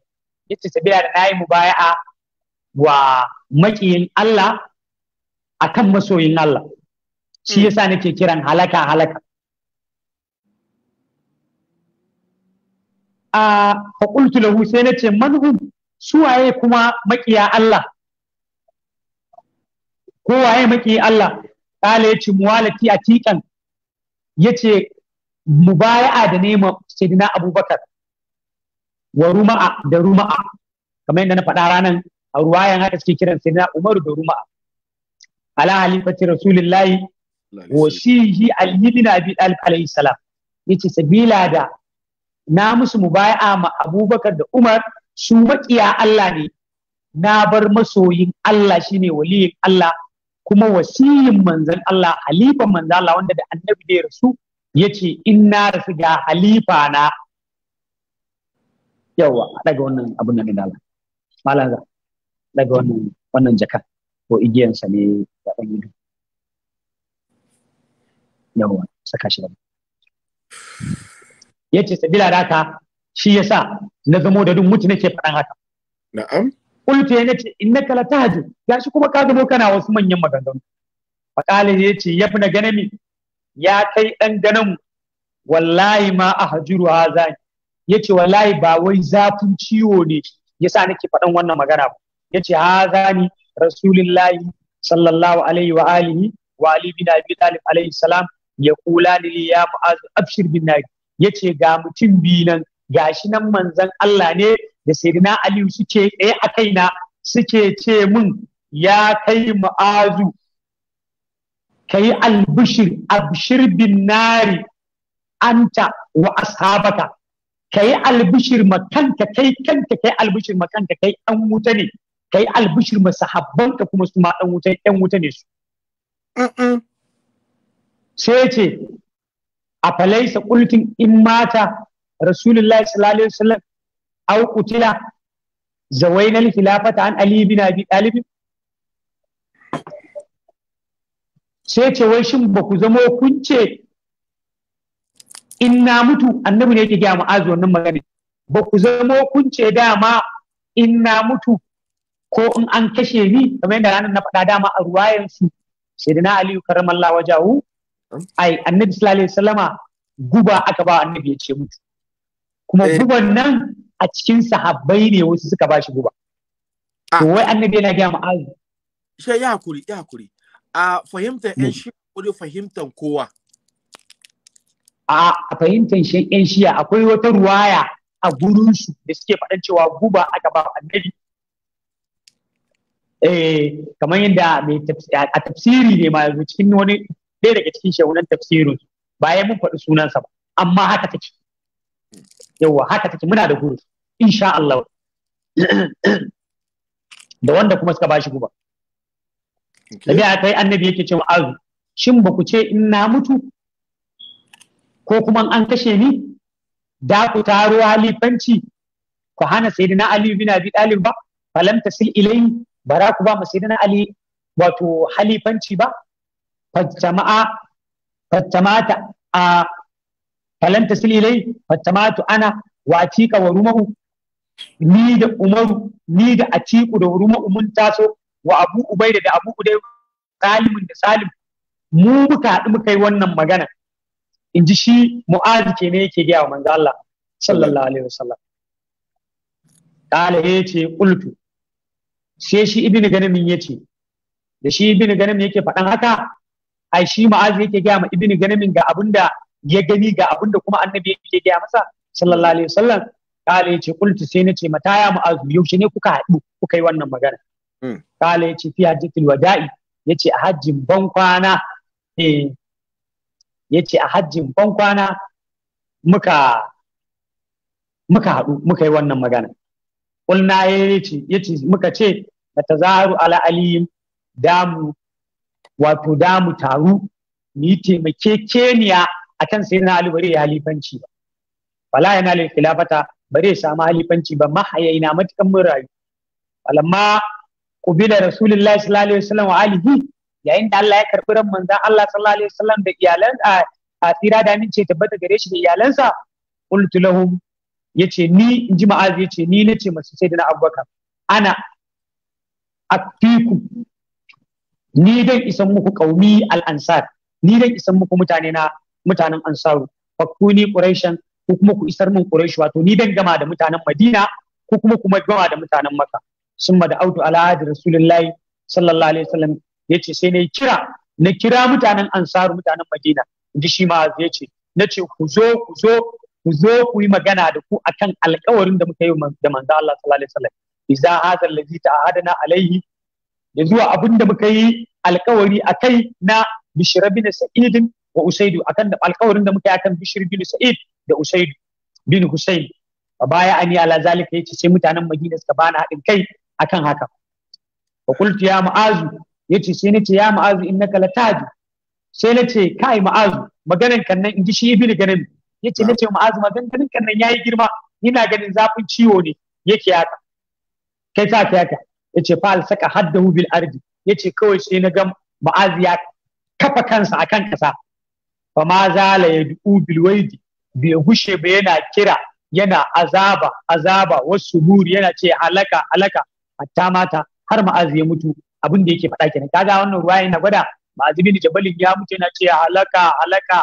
yace sabila da nayi mubaya'a wa makiyin Allah akan masoyin Allah shi yasa nake kiran halaka halaka a faƙultu lahu sai na ce manhum suwaye kuma makiya Allah waye makiyi Allah kala yace muwalati atiqan yace mubaya'a da neman sayyidina abubakar wa ruma'a da ruma'a kamar yadda na faɗa ranar a ruwayan haka suke kiran sayyidina umaru da ruma'a ala halifati rasulillahi wa shihi ali bin abi alayhi salam yace sabila da na musu mubaya'a ma abubakar da umar su maƙiya Allah ne na bar masoyin Allah shine waliyin Allah kuma wasiyin manzon Allah halifan manzon Allah wanda da annabi da rasu ya ce in na rasu ga halifa na yawa a daga wannan abun nan da Allah malaza daga wannan wannan jaka ko igiyansa ne da dan yi yawa saka shi ya ce sabila da haka shi yasa na zamo da dun mutu ke faɗan haka na'am qultu ya nace innaka Ya gashi kuma ka gano kana wasu manyan maganganu faqala ya ce yabna ganami ya kai ɗan ganin wallahi ma a hajiru hazani ya ce wallahi ba wai zafin ciwo ne ya sa nake faɗan wannan magana ba ya ce hazani rasulillahi sallallahu alaihi wa alihi wa ali bin abi talib alaihi salam ya kula ni ya mu'az abshir bin nabi ya ce ga mutum biyu nan gashi nan manzon Allah ne da sayyidina aliyu suke tsaye a kaina suke ce mun ya kai mu'azu ka yi albishir abshir bin nari anta wa ashabaka ka yi albishir ma kanka kai kanka kai albishir ma kanka kai an wuta ne ka yi albishir ma sahabbanka kuma su ma dan wuta yan wuta ne su sai ce a falaisa kultin in mata rasulullahi sallallahu alaihi wasallam au qutila zawainal khilafata an ali bin abi talib sai ce wai shin ba ku zama kun ce in na mutu annabi ne yake gaya mu'azu wannan magana ba ku zama kun ce dama in na mutu ko in an kashe ni kamar yadda ranar na faɗa dama a ruwayansu sai da na aliyu karamallah wajahu ai annabi sallallahu alaihi wasallama guba aka ba annabi ya ce mutu kuma eh. guban nan a cikin sahabbai ne wasu suka ba shi guba ah. to wai annabi yana gaya mu'azu sai ya hakuri ya hakuri a fahimtar 'yan mm. shiya ko dai fahimtar kowa? A fahimtar 'yan shiya akwai wata ruwaya a gurinsu da suke faɗan cewa guba aka ba annabi. Eh, kamar yadda a tafsiri ne ma yanzu cikin wani ɗaya daga cikin shagunan tafsirin bayan mun faɗi sunansa ba amma haka take yawa haka take muna da gurus, insha Allah da wanda kuma suka bashi guba tabi'a kai annabi yake cewa azu shin ba ku ce in na mutu ko kuma an kashe ni da ku taro halifanci ku hana sayyidina ali bin abi talib ba falam tasil ilai bara ku ba mu sayyidina ali wato halifanci ba fatama'a fatamata a falam tasil ilai fatamatu ana wa atika wa rumahu ni da umaru ni da atiku da rumahu mun taso wa abu ubaida da abu ubaida salimin da salim mu muka haɗu muka yi wannan magana in ji shi mu'azi ke ne yake gaya wa manzo Allah sallallahu alaihi wasallam kala ya ce qultu sai shi ibn ganamin yace da shi ibn ganamin yake faɗan haka ai shi mu'azi yake gaya ma Ibn ganamin ga abinda ya gani ga abinda kuma annabi yake gaya masa sallallahu alaihi wasallam kala ya ce qultu sai nace mata ya mu'azi yaushe ne kuka haɗu kuka yi wannan magana Mm. Kala ya ce fi hajjatul wada'i ya ce a hajjin ban kwana eh. ya ce a hajjin ban kwana muka muka haɗu muka yi wannan magana. Ƙulna ya ce ya ce muka ce da ta zaru ala damu wato damu taru mu yi keniya a kan sai na alibari ya halifanci ba. Fala yana lil khilafata bare ya samu halifanci ba mahayaina matukan mun rayu. Alamma qubila rasulullahi sallallahu alaihi wasallam wa alihi yayin da Allah ya karbi ran manzon Allah sallallahu alaihi wasallam da iyalan a tsira da amince tabbata gare shi da iyalansa qultu lahum yace ni inji ma'az yace ni nace masu sai da na abubakar ana afiku ni dan isan muku kaumi al-ansar ni dan isan muku mutane na mutanen ansaru fakuni quraishan ko kuma ku isar min quraish wato ni dan gama da mutanen madina ko kuma kuma gama da mutanen makka summa da autu ala rasulullahi sallallahu alaihi wasallam yace sai na kira na kira mutanen ansaru mutanen madina inji shi ma yace nace ku zo ku zo ku zo ku yi magana da ku akan alƙawarin da muka yi da manzo Allah sallallahu alaihi wasallam idza hadha allazi alaihi ya zuwa abin da muka yi alkawari akai na bishra bin sa'id wa usaidu akan da alƙawarin da muka yi akan bishir bin sa'id da usaidu bin husayn a baya ani ala zalika yace sai mutanen madina suka bani haɗin kai akan haka fa qultu ya ma'azu yace sai nace ya ma'azu innaka latadi sai nace kai ma'azu maganan kan nan inji shi ibn ganin yace nace ma'azu maganan kan nan yayi girma ina ganin zafin ciwo ne yake haka kai sa ta haka yace fa al saka haddahu bil ardi yace kawai sai na ga ma'azu ya kafa kansa akan kasa fa ma zala yad'u bil waidi bai gushe ba yana kira yana azaba azaba wasu buri yana ce halaka halaka hatta mata har ma'azi ya mutu abin da yake faɗa kenan kaga wannan ruwa yana gwada ma'azi bin jabalin ya mutu yana ce halaka halaka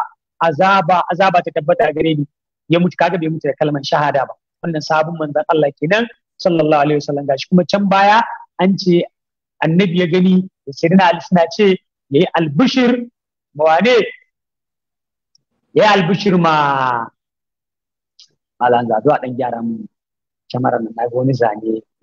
azaba azaba ta tabbata gare ni ya mutu kaga bai mutu da kalmar shahada ba wannan sabon manzon Allah kenan sallallahu alaihi wasallam gashi kuma can baya an ce annabi ya gani da sirina ali suna ce yayi albushir mawane yayi albushir ma malan zazo a dan gyara mu kyamarar nan naga wani zane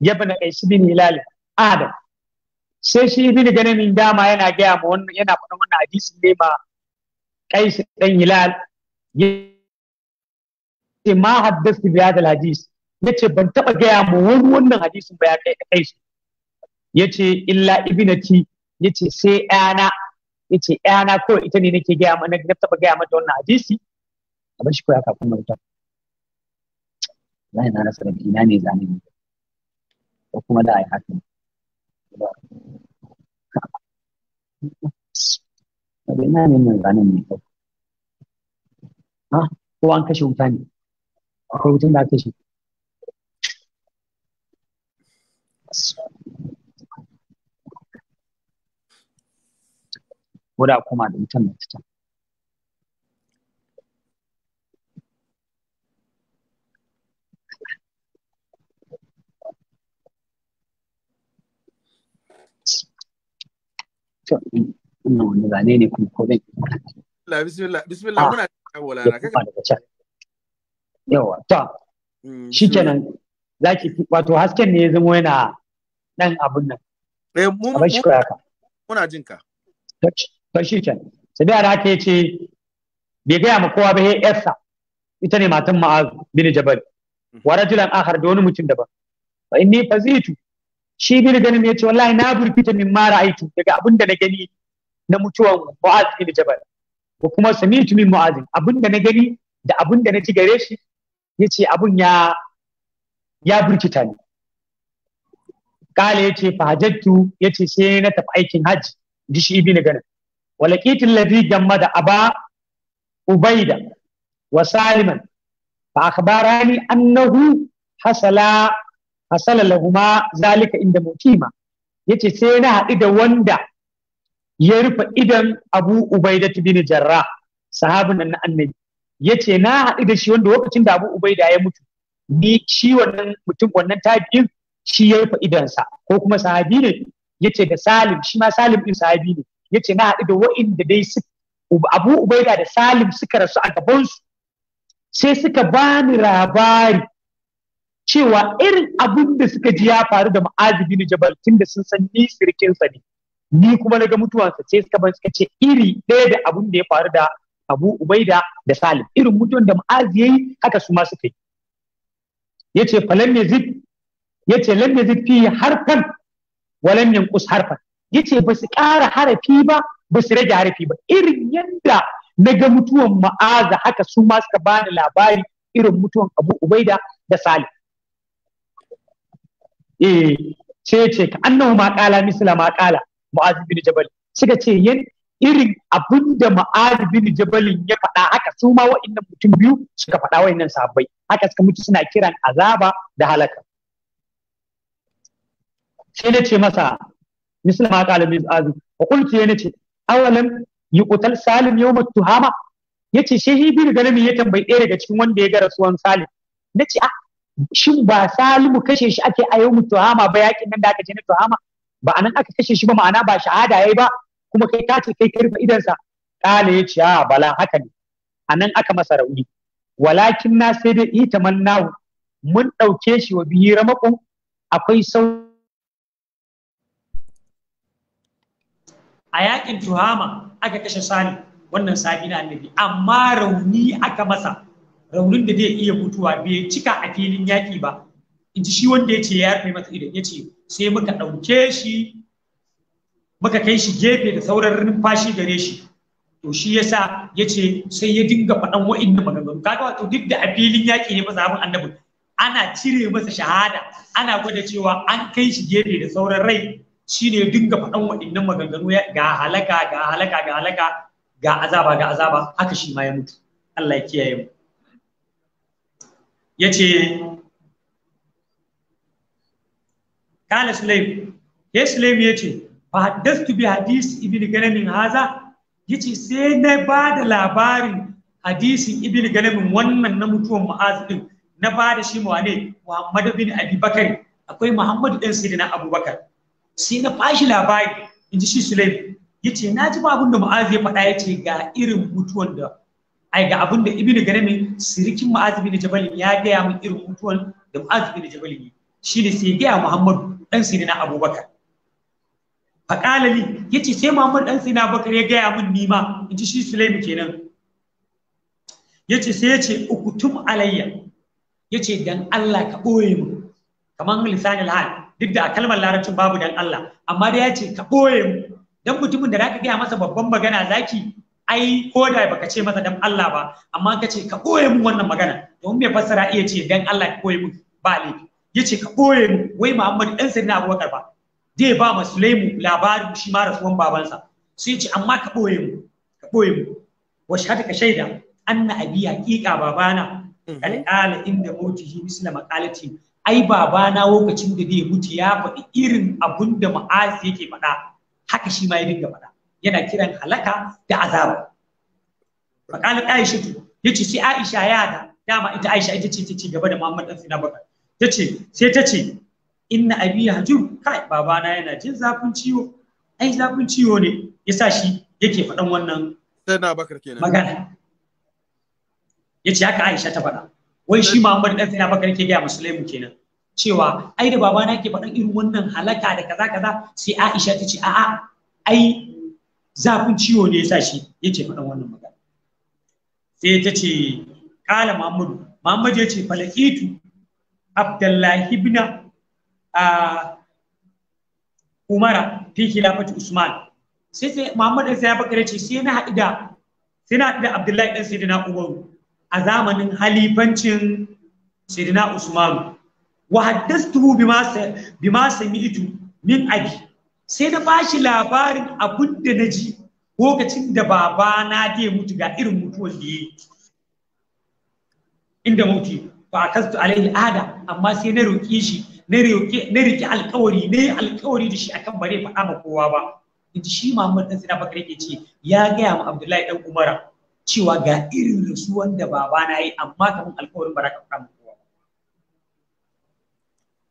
yabna qais bin hilal adam sai shi ibn ganamin dama yana gaya ma wannan yana faɗa wannan hadisin ne ma qais dan hilal yace ma haddathtu bi hadal hadis yace ban taba gaya ma wani wannan hadisin ba ya kai shi yace illa ibnati yace sai ɗana yace ɗana ko ita ne nake gaya mana na taba gaya mata wannan hadisi abin shi ko ya kafin mutum na na sanar ina ne zamani ko kuma da a yi haka Sabi na ne mai zanen mai kyau. Ha, ko an kashe wuta ne, akwai wutan da aka kashe. Ko da kuma da wutan da ta can. wannan wani zane ne kuma ko zai bismillah bismillah ah. muna wala na kaka yawa mm, wato hasken ne ya zama yana ɗan abun nan eh mu muna jin ka to kenan sai da raka ce bai gaya ma kowa ba sai yarsa ita ne matan ma'azu bin jabal mm. wa rajulan akhar da wani mutum daban fa inni fazitu shi da ganin ya ce wallahi na birkita min mara aiki daga abin da na gani na mutuwan mu'az ibn jabal ko kuma sami'tu min mu'az abin da na gani da abin da na ji gare shi yace abin ya ya burkita ni kale yace fa hajjatu yace sai na tafi aikin hajji ji shi ibn ganin walaqitu alladhi gammada aba ubaida wa saliman fa akhbarani annahu hasala hasala lahuma zalika inda mutima yace sai na haɗu da wanda ya rufe idan Abu Ubaida bin jarra. sahabin nan na annabi yace na haɗu da shi wanda lokacin da Abu Ubaida ya mutu ni shi wannan mutum wannan tabi'in shi ya rufe idansa ko kuma sahabi ne yace da Salim shi ma Salim din sahabi ne yace na haɗu da wa'inda dai su Abu Ubaida da Salim suka rasu a gabansu sai suka bani labari cewa irin abin da suka ji ya faru da ma'azi bin jabal tun da sun san ni sa ne ni kuma na ga mutuwansa ce suka ban suka ce iri ɗaya da abin da ya faru da abu ubaida da salim irin mutuwan da ma'azi yayi haka su ma suka yi yace falam yazid yace lam yazid fi harfan wa lam yanqus harfan yace ba su ƙara harafi ba ba su rage harafi ba irin yadda na ga mutuwan ma'aza haka su ma suka bani labari irin mutuwan abu ubaida da salim eh ce ce ka annahu ma qala misla ma qala mu'az bin jabal suka ce yin irin abinda mu'az bin jabal ya faɗa haka su ma wa'annan mutum biyu suka faɗa wa'annan sahabbai haka suka mutu suna kiran azaba da halaka sai na ce masa misla ma qala mu'az wa qultu yana ce awalam yuqtal salim yawmat tuhama yace shehi bin galimi ya tambayi ɗaya daga cikin wanda ya ga rasuwan salim nace ah shin ba salimu kashe shi ake a yau tuhama ba yakin nan da aka je na tuhama ba anan aka kashe shi ba ma'ana ba shahada yayi ba kuma kai ka ce kai ka rufe idansa kale ya ce a ah, bala haka ne anan aka masa rauni walakin na sai dai ita mannahu mun ɗauke shi wa biyi ramakon akwai sau a yakin tuhama aka kashe sani wannan sabi na annabi amma rauni aka masa raunin da zai iya mutuwa bai cika a filin yaƙi ba in ji shi wanda ya ce ya rufe masa idan ya ce sai muka ɗauke shi muka kai shi gefe da sauran numfashi gare shi to shi yasa ya ce sai ya dinga faɗan wa'innan maganganu kaga wato duk da a filin yaƙi ne masahabin annabi ana cire masa shahada ana gwada cewa an kai shi gefe da sauran rai shine ya dinga faɗan wa'innan maganganu ga halaka ga halaka ga halaka ga azaba ga azaba haka shi ma ya mutu Allah ya kiyaye mu ya ce kala sulaim ya sulaim ya ce ba haddastu bi hadisi ibn ganamin haza ya ce sai na ba da labarin hadisin ibn ganamin wannan na mutuwan Ma'azin ɗin na ba da shi wane muhammad bin abi bakar akwai muhammad dan na abubakar sai na fashi labari in ji shi sulaim ya ce na ji ba abin da Ma'azin ya faɗa ya ce ga irin mutuwan da ai ga abin da ibnu garami sirikin ma'az bin jabal ya gaya min irin mutuwan da ma'az bin jabal ne shine sai gaya muhammadu dan sirina abubakar faqala li yace sai muhammad dan sirina abubakar ya gaya min nima inji shi sulaimi kenan yace sai yace ukutum alayya yace dan Allah ka boye mu kaman lisanil hal duk da a kalmar larabcin babu dan Allah amma dai yace ka boye mu dan mutumin da zaka gaya masa babban magana zaki ai ko da baka ce masa dan Allah ba amma ka ce ka koye mu wannan magana don me fassara iya ce dan Allah ka koye mu ba laifi yace ka koye mu wai Muhammad dan sayyidina Abubakar ba zai ba ma Sulaimu labarin shi ma rasuwan babansa sai yace amma ka koye mu ka koye mu wa shahada ka shaida anna abi haqiqa babana mhm. al'ala inda mautihi misla maqalati ai babana lokacin da zai mutu ya faɗi irin abun da yake faɗa haka shi ma ya dinga faɗa yana kiran halaka da azaba faqalat aisha yace sai aisha ya da dama ita aisha ita ce ta ci gaba da muhammad dan sina bakar tace sai tace inna abi hajur kai babana yana jin zafin ciwo ai zafin ciwo ne yasa shi yake faɗan wannan sina bakar kenan magana yace haka aisha ta faɗa wai shi muhammad dan sina bakar yake ga musulmi kenan cewa ai da babana ke faɗan irin wannan halaka da kaza kaza sai aisha ta ce a'a ai zafin ciwo ne yasa shi ce faɗan wannan magana sai ta ce kala Muhammadu Muhammadu ya ce falakitu Abdullahi a Umara fi khilafati Usman sai sai Muhammad sai ya bakare ce sai na haɗu da sai na haɗu da Abdullahi ɗan Sayyidina Umaru a zamanin halifancin Sayyidina Usman wa haddastu bima bima sami'tu min abi sai na ba shi labarin abin da na ji lokacin da baba na dai mutu ga irin mutuwar da yi inda mutu ba kastu alaihi ada amma sai na roƙe shi na roƙe alƙawari na yi alƙawari da shi akan bare faɗa ma kowa ba in shi Muhammad dan Sina Bakar yake ce ya gaya ma Abdullahi dan Umara cewa ga irin rasuwan da baba na yi amma kaman alƙawarin ka faɗa ma kowa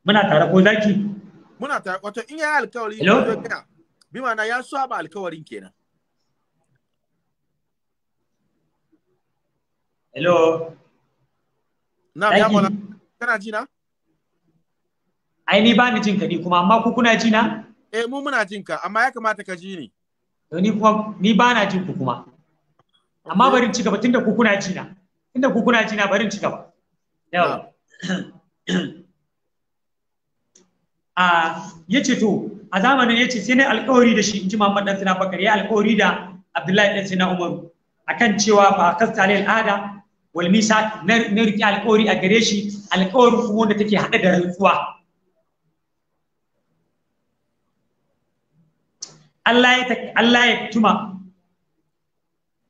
muna tare ko zaki muna ta wato in yayi alkawari bi ma'ana ya so ba alkawarin kenan hello na ya mola kana ji na ai ni ba ni jin ka ni kuma amma ku kuna ji na eh mu muna jin ka amma ya kamata ka ji ni to ni kuma ni ba na jin ku kuma amma bari in ci gaba tunda ku kuna ji na tunda ku kuna ji na bari in ci gaba yawa a yace to a zamanin yace sai ne alƙawari da shi ji Muhammad dan Sina bakari ya alƙawari da Abdullahi dan Sina Umar akan cewa fa kasta lil ada wal misa na riki alƙawari a gare shi alƙawarin kuma wanda take hada da rantsuwa Allah ya Allah ya tuma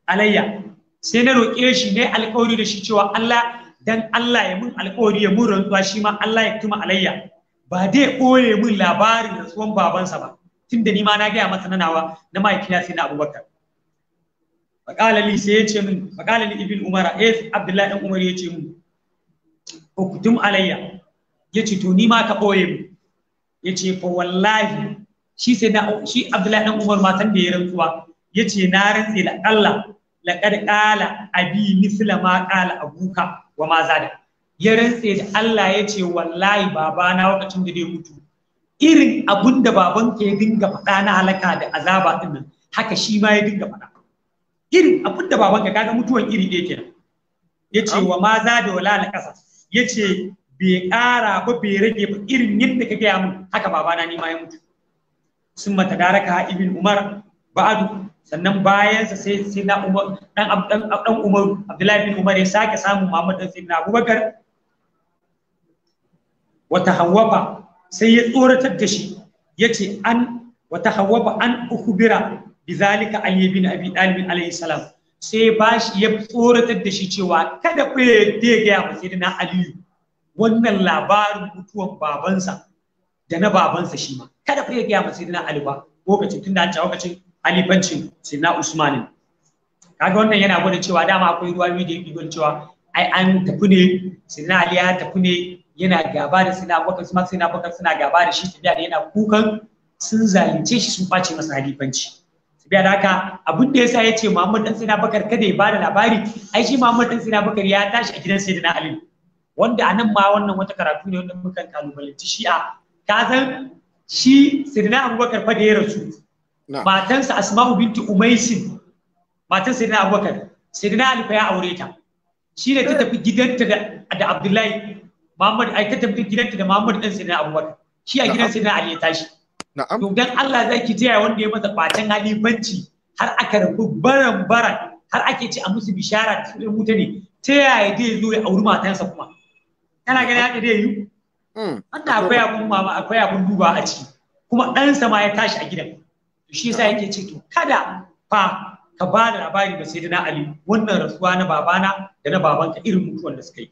alayya sai na roƙe shi ne alƙawari da shi cewa Allah dan Allah ya mun alƙawari ya mun rantsuwa shi ma Allah ya tuma alayya ba dai ɓoye min labarin da tsohon babansa ba tun da ni ma na gaya masa na nawa na mahaifina sai na abubakar faƙalali sai ya ce min faƙalali ibn umara eh abdullahi ɗan umar ya ce min hukutum alayya ya ce to ni ma ka ɓoye min ya ce fa wallahi shi sai na shi abdullahi ɗan umar ma san da ya rantsuwa ya ce na rantse la Allah laqad qala abi misla ma ƙala abuka wa ma zada ya rantse da Allah ya ce wallahi babana lokacin da zai mutu irin abun da babanka ya dinga faɗa na halaka da azaba din nan haka shi ma ya dinga faɗa irin abun da babanka kaga mutuwan iri ɗaya kenan ya ce wa ma za da wala na ƙasa ya ce bai ƙara ba bai rage ba irin yadda ka gaya min haka babana ni ma ya mutu sun mata daraka ibn umar ba'adu sannan bayansa sai sai na umar dan dan umar abdullahi bin umar ya sake samun muhammad sai na abubakar wata hawaba sai ya tsoratar da shi yace an wata hawaba an ukubira bizalika ali bin abi talib alayhi salam sai ba shi ya tsoratar da shi cewa kada ku yadda ya gaya wa sayyidina aliyu wannan labarin mutuwan babansa da na babansa shi ma kada ku ya gaya wa sayyidina ali ba lokacin tunda an ci lokacin alifancin sayyidina usmanin kaga wannan yana gwada cewa dama akwai ruwa da yake gwada cewa ai an tafi ne sayyidina ali ya tafi ne yana gaba da sina bakar su sina bakar suna gaba da shi biya da yana kukan sun zalunce shi sun ɓace masa halifanci biya da haka abin da yasa yace Muhammad dan sina bakar kada ya bada labari ai shi Muhammad dan sina bakar ya tashi a gidan Sayyidina Ali wanda a nan ma wannan wata karatu ne wanda mukan kalubalanci a, ka san shi Sayyidina Abubakar fa da ya rasu matansa Asma'u binti Umaisin, matan Sayyidina Abubakar Sayyidina Ali fa ya aure ta shi ne ta tafi gidanta da Abdullahi Muhammad ai ta tafi gidanta da Muhammad dan sai na Abubakar shi a gidan sai na Ali ya tashi na'am to dan Allah zaki taya wanda ya masa bacin halifanci har aka rubu baran baran har ake ci a musu bishara da wuta ne ta yaya dai zo ya auri matansa kuma kana ganin haka dai yi hmm. wanda akwai abun mama akwai abun duba a ciki kuma ɗansa ma ya tashi a gidan to shi yasa yake ce to kada fa ka ba da labari ba sai da na Ali wannan rasuwa na babana da na babanka irin mutuwan da suka yi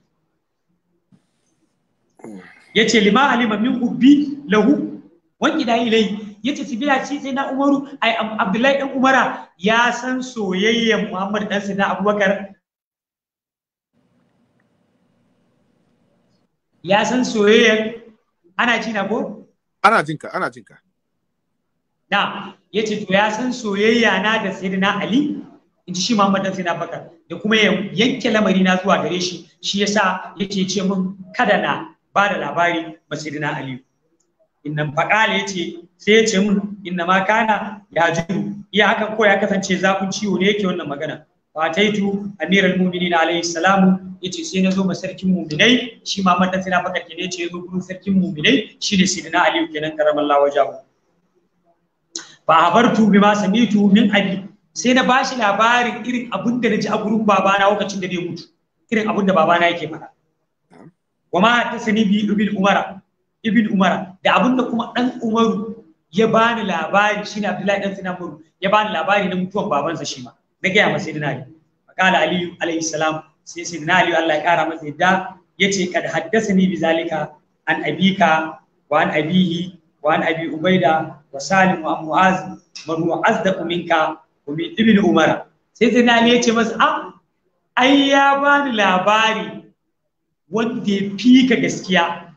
yace lima alima min ubbi lahu wan qida ilai yace sibiya ci sai na umaru ai abdullahi dan umara ya san soyayyen muhammad dan sina abubakar ya san soyayyen ana ci na ko ana jinka ana jinka na yace to ya san soyayya na da sayyidina ali in ji shi Muhammad dan na abubakar da kuma yanke lamari na zuwa gare shi shi yasa yake ce mun kada na ba da labari masirina aliyu innan faƙala ya ce sai ya ce mun inna ma kana ya jiru iya haka ko ya kasance zafin ciwo ne yake wannan magana fataitu amiral mu'minin alayhi salamu yace sai na zo ma sarkin mu'minai shi ma mata sai na fakar ne yace yazo gurin sarkin mu'minai shi ne sirina aliyu kenan karaman lawajahu fa habartu ma samitu min abi sai na bashi labarin irin abin da naji a gurin babana lokacin da ne mutu irin abin da babana yake faɗa wa ta Sani bi ibn umara ibn umara da abinda kuma dan umaru ya bani labari shine abdullahi dan sinan umaru ya bani labari na mutuwan babansa shi ma da gaya masa sayyidina ali qala ali alayhi salam sai sayyidina ali Allah ya kara masa yadda yace kad haddathani bi zalika an abika wa an abihi wa an abi ubaida wa salim wa muaz man huwa azdaqu minka wa min ibn umara sai sayyidina ali yace masa ah ai ya bani labari wanda ya fi ka gaskiya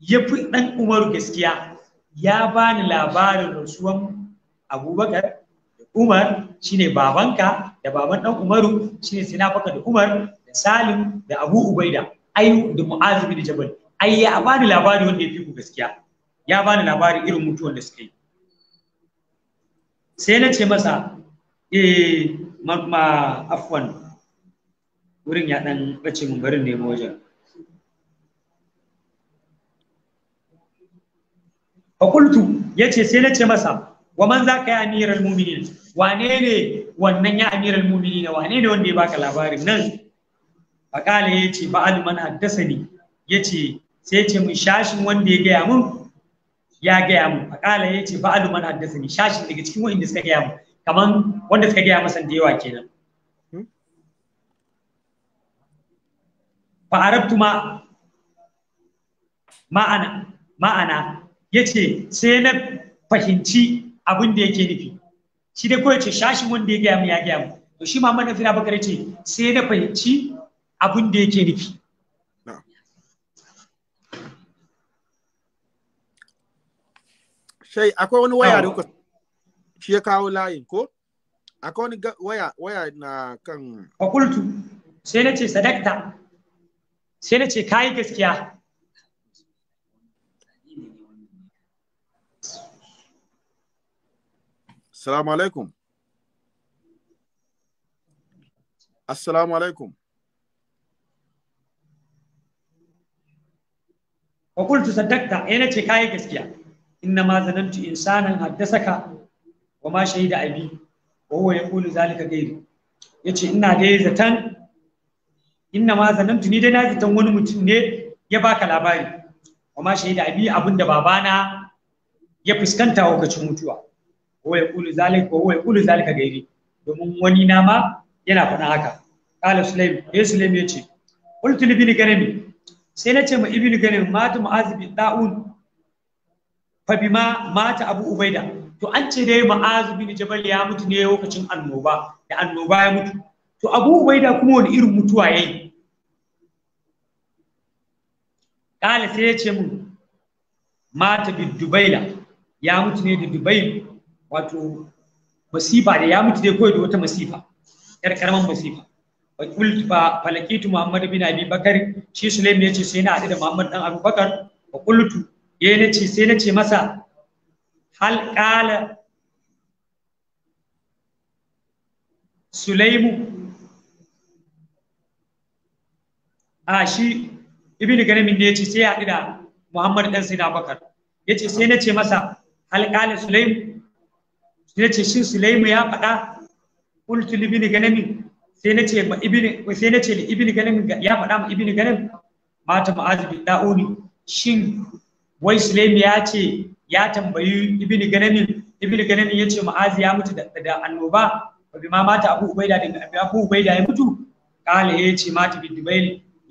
ya fi ɗan umaru gaskiya ya bani labarin rasuwan abubakar da umar shine babanka da baban ɗan umaru shine sinafaka da umar da salim da abu ubaida ai da mu'azibi da jabal ai ya bani labari wanda ya fi ku gaskiya ya bani labarin irin mutuwan da suka yi sai na ce masa eh ma afwan wurin ya dan bace mun barin nemo wajen fakultu ya ce sai na ce masa wa man za ka yi amiral muminin wane ne wannan ya amiral muminin wane ne wanda ya baka labarin nan faƙala ya ce ba'al man haddasa ne ya ce sai ce mun shashin wanda ya gaya mun ya gaya mun faƙala ya ce ba'al man haddasa ne shashin daga cikin wanda suka gaya mun kaman wanda suka gaya masa da yawa kenan fa'arabtu ma ma'ana ma'ana ya ce sai na fahimci abin da yake nufi shi dai ko yace ce shashin wanda ya gaya mu ya gaya mu to shi Muhammad Nafira Bakar ya ce sai na fahimci abin da yake nufi shai akwai wani waya da shi ya kawo layin ko akwai wani waya waya na kan fakultu sai na ce sadakta sai na ce kayi gaskiya Assalamu alaikum. Assalamu alaikum. Wa qultu saddaqta eh nace kai gaskiya. Inna ma zanantu insanan haddasaka wa ma shahida abi wa huwa yaqulu zalika gairi. Yace ina dai zatan inna ma zanantu ni dai na zatan wani mutum ne ya baka labari. Wa ma shahida abi abinda babana ya fuskanta lokacin mutuwa. huwa yaqulu zalik wa huwa yaqulu zalika gairi domin wani na ma yana faɗa haka qala sulaim ne eh sulaim ce. qultu li ibn ganim sai na ce ma ibnu ganim mata mu'az bin da'un fa bima mata abu ubaida to an ce dai mu'az bin jabal ya mutu ne lokacin annoba da annoba ya mutu to abu ubaida kuma wani irin mutuwa yayi qala sai ya ce mun mata bi dubaila ya mutu ne da dubail wato masifa da ya mutu dai kawai da wata masifa yar karaman masifa wa qultu fa falakitu muhammad bin abi bakar shi sulaim yace sai na haɗu da muhammad dan bakar wa qultu ya nace sai nace masa hal qala sulaimu a shi ibnu ganamin ne yace sai ya haɗu da muhammad dan sayyid abubakar yace sai nace masa hal qala sulaimu sai ce shin sulaimu ya faɗa qultu libin ganami sai na ce ma ibni sai na ce li ibni ganami ya faɗa ma ibni ganami mata ma'az bin da'uni shin wai sulaimu ya ce ya tambayi ibni ganami ibni ganami ya ce ma'azi ya mutu da annoba wa bi ma mata abu ubaida da abu ubaida ya mutu kala ya eh, ce mata bin dubail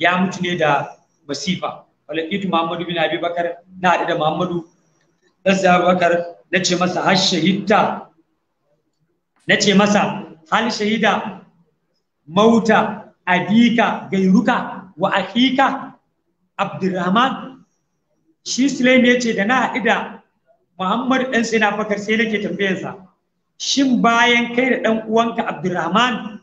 ya mutu ne da masifa walakitu muhammadu bin abi bakar na haɗu da muhammadu dan sai bakar na ce masa har shahidta na ce masa hal shahida mauta abika gairuka wa akika abdurrahman shi sulaim ya ce da na haɗu da muhammad ɗan sai na fakar sai nake tambayarsa shin bayan kai da ɗan uwanka abdurrahman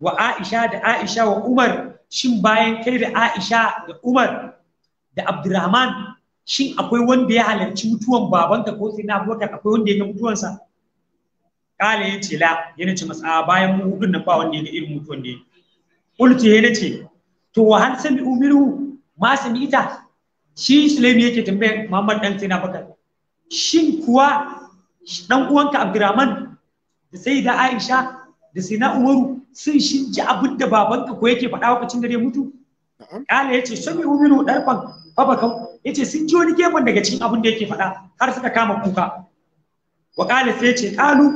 wa aisha da aisha wa umar shin bayan kai da aisha da umar da abdurrahman shin akwai wanda ya halarci mutuwan babanka ko sai na abubakar akwai wanda ya ga mutuwansa kala ya ce la ya nace masa a bayan mu hudun nan ba wanda yake irin mutuwan da ulti yana ce to wa han sami umiru ma sami ita shi Sulaiman yake tambayar Muhammad dan Sina baka shin kuwa dan uwanka Abdurrahman da sai da Aisha da Sina Umaru sun shin ji abin da babanka ko yake faɗa lokacin da ya mutu kala yace sami umiru darfan babakan yace sun ji wani gefen daga cikin abin da yake faɗa har suka kama kuka wa kala sai yace kalu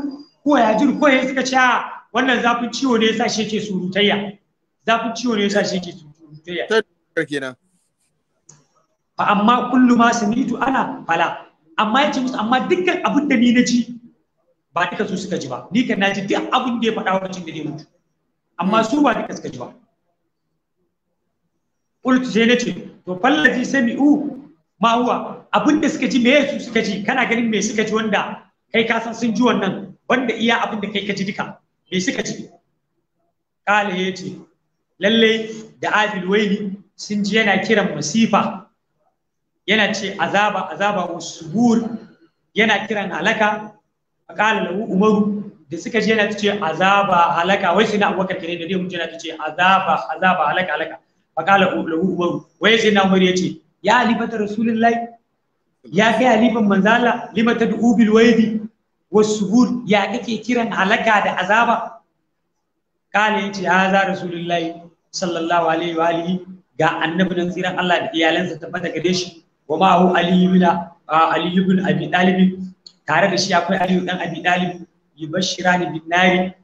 ko ya jin ko ya suka cewa wannan zafin ciwo ne yasa shi yake surutayya zafin ciwo ne yasa shi yake surutayya kenan fa amma kullu ma sanitu ana fala amma yace musu amma dukkan abin da ni na ji ba duka su suka ji ba ni kan naji duk abin da ya faɗa lokacin da zai mutu amma su ba duka suka ji ba qultu sai nace to fallaji sami'u ma huwa abin da suka ji me su suka ji kana ganin me suka ji wanda kai ka san sun ji wannan Wanda iya abin da kai ka ji duka me suka ji kala ya ce lalle da afil waili sun ji yana kiran masifa yana ce azaba azaba usbur yana kiran halaka kala lahu umaru da suka ji yana ce azaba halaka wai sai na abubakar kare da dai mutum yana ce azaba azaba halaka halaka fakala lahu umaru wai sai na umaru ya ce ya alifata rasulullahi ya kai halifan manzala limata da du'u waidi wasuhur ya kake kiran alaka da azaba kale yace haza rasulullahi sallallahu alaihi wa alihi ga annabi nan Allah da iyalansa tabbata gare shi wa ma hu abi talib tare da shi akwai ali dan abi talib yubashirani bin nari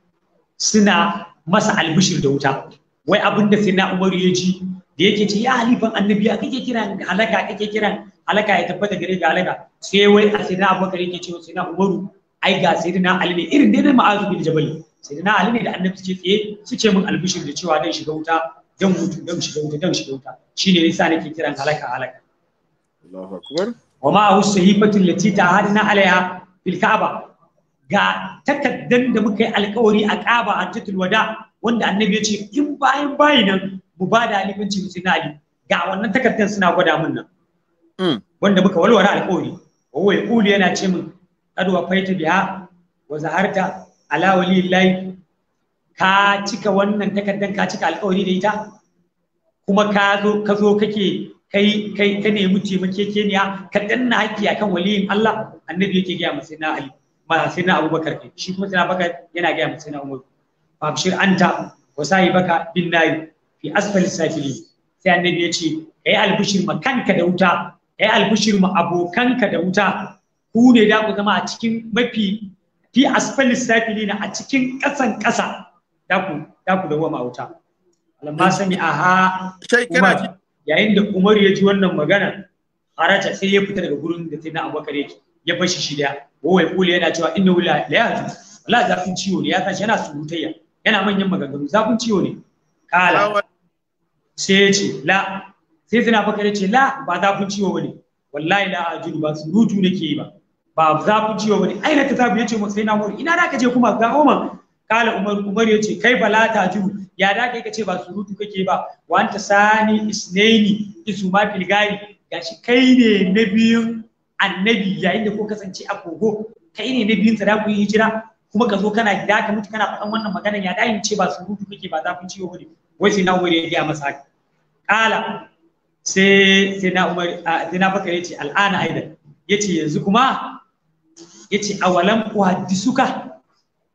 suna masa albishir da wuta wai abin da sayyidina ya ji da yake ce ya halifan annabi ya kake kiran halaka kake kira halaka ya tabbata gare ga halaka sai wai a Sina abubakar yake ce Sina Umaru? ai ga sayyidina ali ne irin dai na ma'azu bin jabal sayyidina ali ne da annabi suke tsaye suke min albishir da cewa dan shiga wuta dan mutu dan shiga wuta dan shiga wuta shine yasa nake kiran halaka halaka Allahu akbar wa ma hu sahifatu allati ta'adna alaiha fil ka'aba ga takaddan da muka yi alkawari a kaba a titul wada wanda annabi ya ce in bayan bayi nan mu ba da alifinci mu na ali ga wannan takaddan suna gwada min nan hmm. wanda muka walwara alkawari wa ya kuli yana ce min qad wafaita biha wa zaharta ala walillahi ka cika wannan takaddan ka cika alƙawari da ita kuma ka zo ka zo kake kai kai ka nemi taimakekeniya ka danna haƙƙi akan waliyin Allah annabi yake gaya masa na Ali ba sai na Abubakar ke shi kuma sai na yana gaya masa na Umar fabshir anta wa baka bin nayi fi asfali safili sai annabi ya ce kai albishir ma da wuta kai albishir ma abokanka da wuta ku ne da ku zama a cikin mafi fi asfalis safilina a cikin ƙasan ƙasa da ku da ku da goma wuta alamma sami aha umar yayin da umar ya ji wannan magana haraja sai ya fita daga gurin da sai na abubakar yake ya bar shi shida wa wai kula yana cewa inna wula la yazu wala zafin ciwo ne ya tashi yana surutayya yana manyan maganganu zafin ciwo ne kala sai ya ce la sai sai na ya ce la ba zafin ciwo ba bane wallahi la ajudu ba surutu nake yi ba ba za ku ji wani aina ka zabi yace mu sai na umar ina da ka je kuma ga umar kala umar umar yace kai bala ta ju ya da kai kace ba surutu kake ba wa anta sani isnaini isuma fil gai gashi kai ne na biyun annabi yayin da ko kasance a kogo kai ne na biyun da ku yi hijira kuma ka zo kana gida ka mutu kana faɗan wannan maganar ya da ce ba surutu kake ba za zafin ciwo bane wai sai na umar ya ga masa haka kala sai sai na umar sai na bakare ce al'ana aidan yace yanzu kuma yace awalam ka?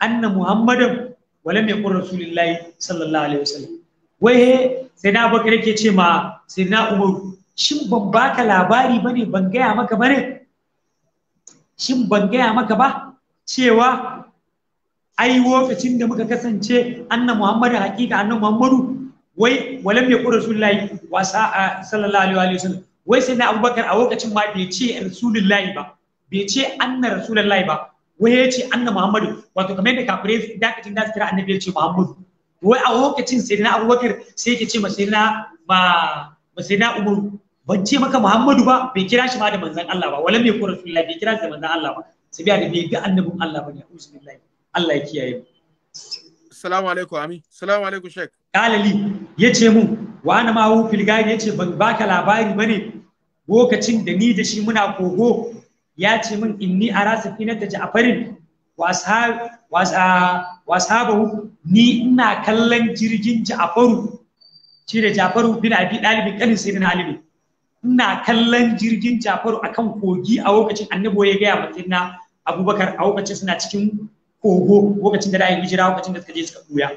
anna muhammadan walam yaqul rasulullahi sallallahu alaihi wasallam wai sai na bakar yake ce ma sai na umaru shin ban baka labari bane ban gaya maka bane shin ban gaya maka ba cewa ai lokacin da muka kasance anna muhammadu hakika anna muhammadu wai walam yaqul rasulullahi wasa sallallahu alaihi wasallam wai sai na abubakar a lokacin ma bai ce rasulullahi ba bai ce anna rasulullahi ba wai ya ce anna muhammadu wato kamar yadda kafirai dakacin da su kira annabi ya ce muhammadu wai a lokacin sai abubakar sai yake ce ma sai ba ba sai na ban ce maka muhammadu ba bai kira shi ma da manzon Allah ba wala mai ko rasulullahi bai kira shi da manzon Allah ba sai biya da bai ga annabin Allah ba ne uzubillahi Allah ya kiyaye mu Assalamu alaikum Ami. Assalamu alaikum Sheik. Kalali ya ce mun wa na ma fil gari ya ce ban baka labari bane lokacin da ni da shi muna kogo ya ce min inni a safinar da ja'farin wa ashabahu ni ina kallon jirgin ja'faru shi da ja'faru bin abi dalibin kanin sai ali ne ina kallon jirgin ja'faru kan kogi a lokacin Annabuwa ya gaya mutum na abubakar a lokacin suna cikin kogo lokacin da da hijira lokacin da suka je suka buya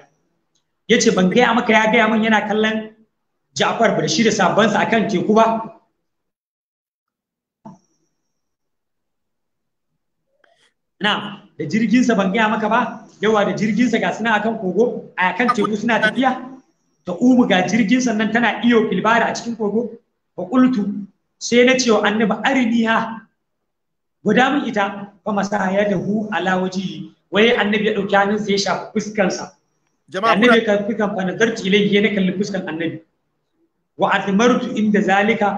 ce ban gaya maka ya gaya min yana kallon Ja'far da shi da sabansa kan teku ba na da jirginsa ban gaya maka ba yawa da jirginsa ga suna akan kogo a kan teku suna tafiya ta umu ga jirgin sannan tana iyo filbara a cikin kogo ba kultu sai na ce wa annabi arniha guda min ita fa masaya da hu ala waji waye annabi ya dauki hannun sa ya shafi fuskan sa annabi ka fuskan fa nazartu ilayhi na kalli fuskan annabi wa azmartu inda zalika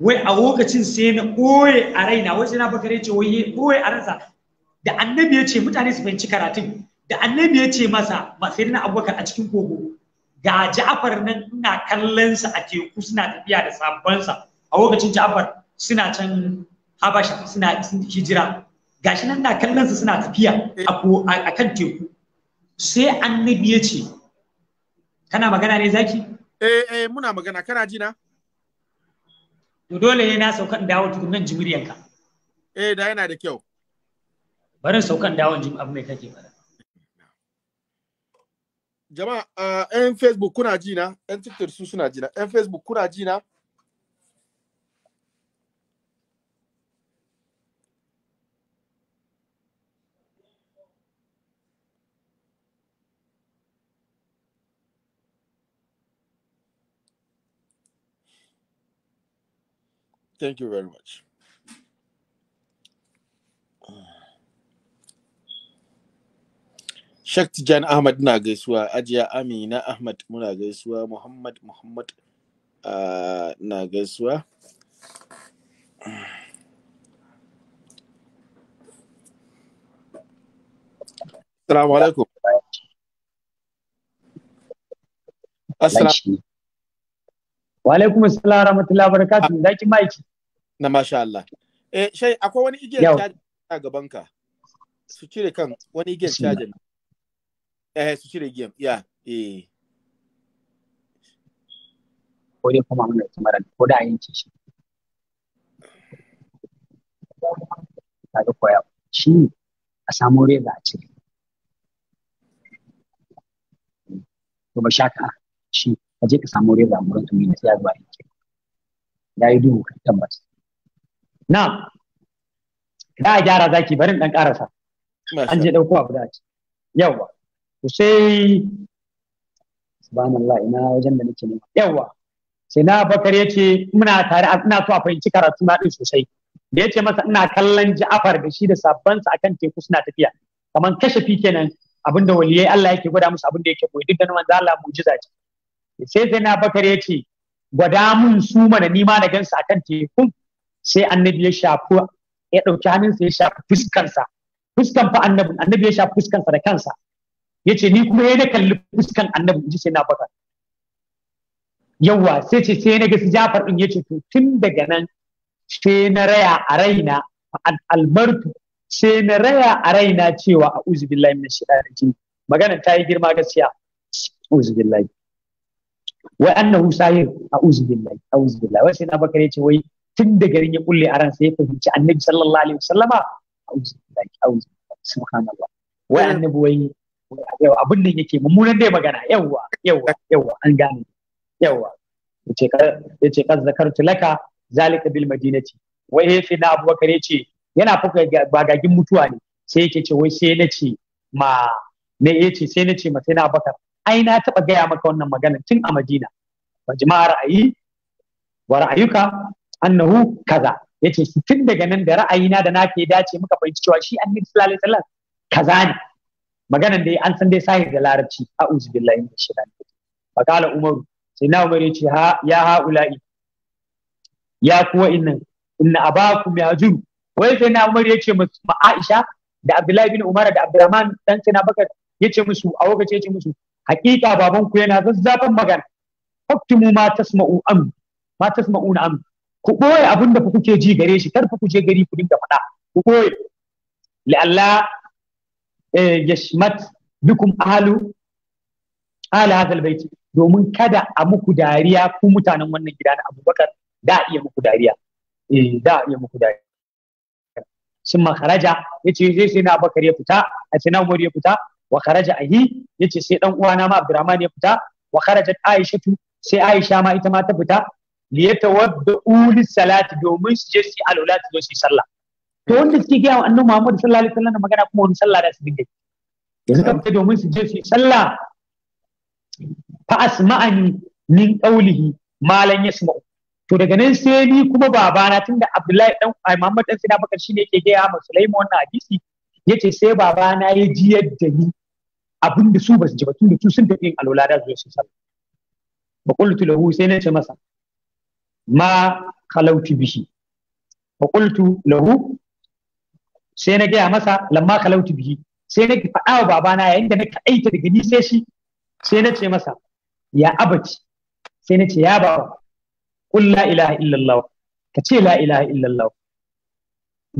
wai a lokacin sai na ɓoye a raina wai sai na baka rai, ce wai ya ɓoye a ransa da annabi ya ce mutane su fahimci karatun da annabi ya ce masa ba sai na abubakar a cikin kogo ga ja'afar nan ina kallon sa a teku suna tafiya da sa a lokacin ja'afar suna can habasha suna hijira gashi nan na kallon sa suna tafiya a kan teku sai annabi ya ce kana magana ne zaki eh eh muna magana kana ji na to dole ne na saukan dawo tukunan ka. eh da yana da kyau barin saukan dawo jim abu mai kake fara jama'a ah, yan facebook kuna jina yan tiktok su suna jina yan facebook kuna jina. Thank you very much. Sheikh Tijan Ahmad na gaisuwa, Ajiya Amina Ahmad muna gaisuwa, Muhammad Muhammad uh, ah, na gaisuwa. Assalamu alaikum. Assalamu alaikum. Wa salam rahmatullahi rahmatullahi barakatuh zaki maiki. Na masha Allah. Eh shai akwai wani igiyar caji a gaban ka. Su cire kan wani igiyar caji. Eh su cire igiyar. Ya eh. Ko dai kuma mun ci mara ko da yanke shi. Ta ga koya. Shi a samu reza a cire. Kuma shaka shi ka je ka samu reza gurin su ne sai zuwa yake ya yi duhu kan tabbas na da a gyara zaki barin dan karasa an je dauko abu da ci yawa to sai subhanallah ina wajen da nake nema yawa sai na bakar yace muna tare ina so a fahimci karatu na din sosai da yace masa ina kallon Ja'far da shi da sabbansa akan teku suna tafiya kaman kashafi kenan abinda waliyai Allah yake gwada musu abinda yake koyi duk da manzo Allah mu'jiza ce sai sai na bakar ya ce gwada mun su mana nima na gansu akan tekun sai annabi ya shafi ya dauki hannunsa ya shafi fuskarsa fuskan fa annabi annabi ya shafi fuskansa da kansa ya ce ni kuma ya na kalli fuskan annabi in ji sai na bakar yawwa sai ce sai na ga su jafar din ya ce to tun daga nan sai na raya a raina almartu sai na raya a raina cewa a uzubillahi billahi min shaitanir magana ta yi girma gaskiya uzubillahi wai annahu sahir a'udhu billahi a'udhu billahi wai sai na bakar ce wai tun da garin ya kulle a ransa ya fahimci annabi sallallahu alaihi wasallama a'udhu billahi a'udhu billahi subhanallah wai annabi wai abin da yake mummunan dai magana yawwa yawwa yawwa an gane yawwa yace yace kan zakartu laka zalika bil madinati wai sai na abubakar ce yana fuka bagagin mutuwa ne sai yake ce wai sai na ce ma ne yace sai na ce ma sai na abubakar ai na taɓa gaya maka wannan maganar tun a madina jima'a ra'ayi wa ra'ayuka annahu kaza yace tun daga nan da ra'ayina da nake dace muka fahimci cewa shi annabi sallallahu alaihi wasallam kaza ne maganan dai an san dai sahi da larabci a'udhu billahi minash shaitani Bakala umaru sai na Umaru yace ha ya ula'i ya kuwa innan inna abakum yajur wai sai na ya yace ma Aisha da Abdullahi bin Umar da Abdurrahman dan sai na baka Ya ce musu a ya ce musu hakika baban ku yana zazzafan magana faktumu ma tasma'u am ma tasma'una am ku boye abin da kuke ji gare shi kar ku je gari ku dinga faɗa ku boye la'alla eh, yashmat bikum ahlu ahli hadal bait domin kada a muku dariya ku mutanen wannan gida na Abubakar da iya muku dariya eh da iya muku dariya sun makaraja ya ce zai sai na bakar ya fita a ce na umar ya fita wa kharaja ahi yace sai dan uwana ma Abdurrahman ya fita wa kharajat Aisha sai Aisha ma ita ma ta fita li yatawaddu uli salati domin su je su alwala su zo su sallah to wanda suke ga annabi Muhammad sallallahu alaihi wasallam magana kuma wani sallah da su dinga yanzu ka fita domin su je su sallah fa asma'ani min qawlihi malan yasma'u to daga nan sai ni kuma babana tunda Abdullahi dan Muhammad dan Sina Bakar shine yake gaya ma Sulaiman wannan hadisi yace sai babana ya ji yadda ni abin da su ba su ji ba tun da su sun tafi alwala da zuwa su sallah ba qultu lahu sai na ce masa ma khalautu bihi ba qultu lahu sai na gaya masa lamma khalautu bihi sai na faɗa wa babana yayin da na kaita daga ni sai shi sai na ce masa ya abaci sai na ce ya baba qul la ilaha illallah ka ce la ilaha illallah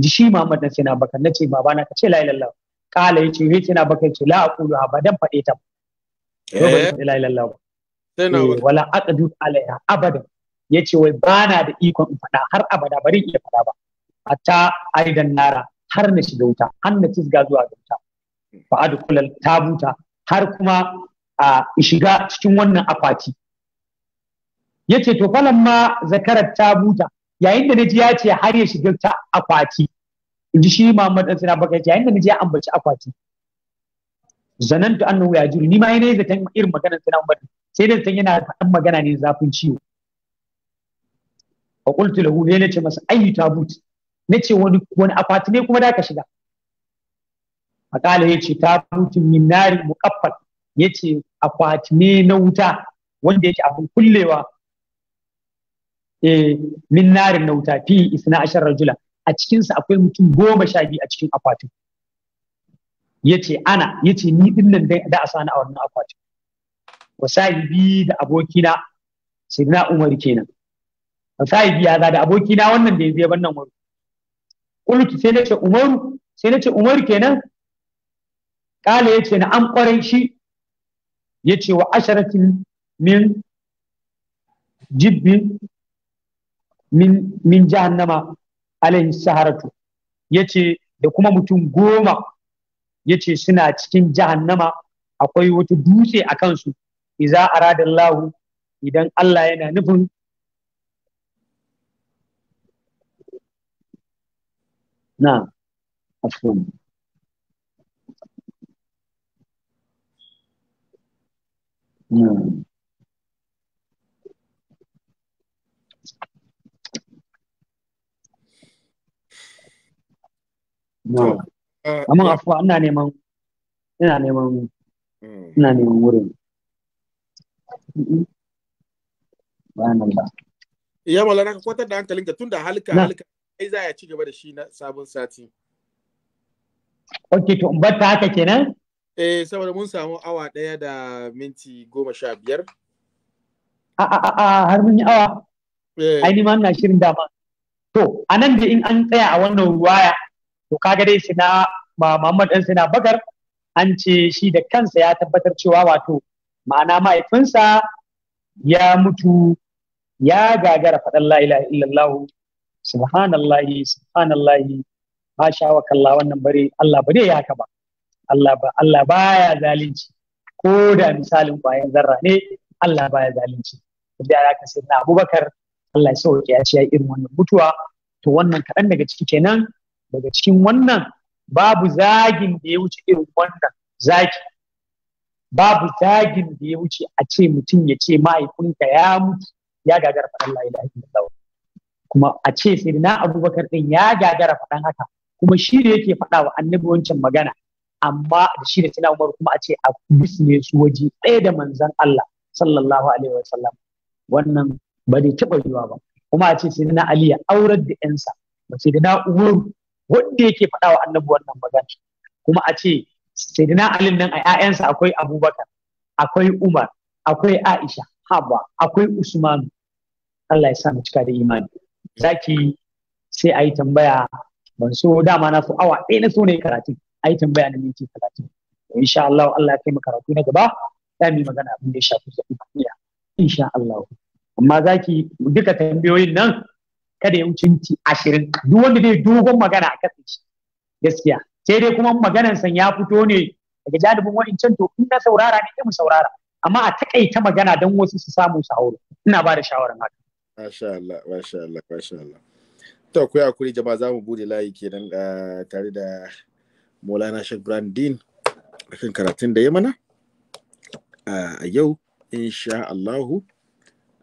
ji shi Muhammad na ce na baka na ce babana ka ce la ilaha illallah kala yace yace na baka ce la aqulu dan fade ta eh. la ilaha eh, wala aqdu alaiha Ya yace wai bana da ikon in fada har abada bari iya fada ba hatta aidan nara har na shiga wuta har na cisga zuwa wuta fa adkhul tabuta har kuma a shiga cikin wannan akwati yace to falan ma zakarar tabuta yayin da naji ya ce har ya shiga ta akwati in ji shi Muhammad dan Sina Bakar yayin da naje ya ambaci akwati zanantu annahu ya juri ni ma yana zaton irin maganar Sina Umar sai da zaton yana faɗan magana ne zafin ciwo wa qultu lahu ne ce masa ayyu tabut nace wani wani akwati ne kuma da ka shiga fakala yace tabutun min nari muqaffat yace akwati ne na wuta wanda ce abin kullewa eh, min narin na wuta fi isna ashar rajula a cikinsa akwai mutum goma sha biyu a cikin akwatin ya ce ana ya ce ni din nan dai da a sani a wannan akwatin wasahibi da abokina sirna umar kenan wasahibi ya za da abokina wannan da ya zai wannan wuri kulki sai na ce umaru sai na ce umar kenan kala ya ce na an kwarai shi ya ce wa asharatin min jibbin min jahannama alayhi saharatu yace da kuma mutum goma yace suna cikin jahannama akwai wata dutse a kansu iza aradallahu idan Allah yana nufin na afwan Hmm. Eh, amma a eh. afuwa ina neman ina neman mm. ina neman wurin bayanan ba iya mala na kwatar da hankalinka tun da halka halka ai za a ci gaba da shi na sabon sati ok to ba ta haka kenan eh saboda mun samu awa ɗaya da minti goma sha biyar a a a har mun yi awa eh. ai ni ma ina shirin dama to anan da in an tsaya a wannan ruwaya to kaga dai ba Muhammad ɗan sina Bakar an ce shi da kansa ya tabbatar cewa wato ma'ana mahaifinsa ya mutu ya gagara faɗin la'ila. illallahu illallah subhanallahi subhanallahi masha wa kalla wannan bare Allah ba dai haka ba Allah ba Allah baya zalunci ko da misalin kwayan zarra ne Allah baya zalunci da ya sai na Abubakar Allah ya sauke ya ce ya irin wannan mutuwa to wannan kaɗan daga ciki kenan daga cikin wannan babu zagin da ya wuce irin wannan zaki, babu zagin da ya wuce a ce mutum ya ce mahaifinka ya mutu ya gagara faɗan la ilaha illallah kuma a ce sai na abubakar din ya gagara faɗan haka kuma shi da yake faɗa wa annabi wancan magana amma da shi da tana umar kuma a ce a bisne su waje ɗaya da manzon Allah sallallahu alaihi sallam wannan ba zai taɓa yiwa ba kuma a ce sai na ali ya aurar da yansa ba sai na umaru wanda yake faɗa wa annabi wannan magana kuma a ce sayyidina ali nan a ƴaƴansa akwai abubakar akwai umar akwai aisha haba akwai usman Allah ya sa mu cika da imani zaki sai ayi tambaya ban so dama na so awa ɗaya na so ne karatu ayi tambaya na minti talatin insha Allah Allah ya kai mu karatu na gaba za mu yi magana abin da ya shafi zaɓi insha Allah amma zaki duka tambayoyin nan kada ya wuce minti ashirin duk wanda zai dogon magana a kasance, gaskiya sai dai kuma maganan san ya fito ne daga jadubin wa'incan to in na saurara ne mu saurara amma a takaita magana don wasu su samu shawara ina ba da shawarar haka masha Allah masha Allah masha Allah to ku ya kuri jama'a za bude layi kenan eh, tare da Maulana Sheikh Brandin akan karatun da ya mana eh, a yau insha Allahu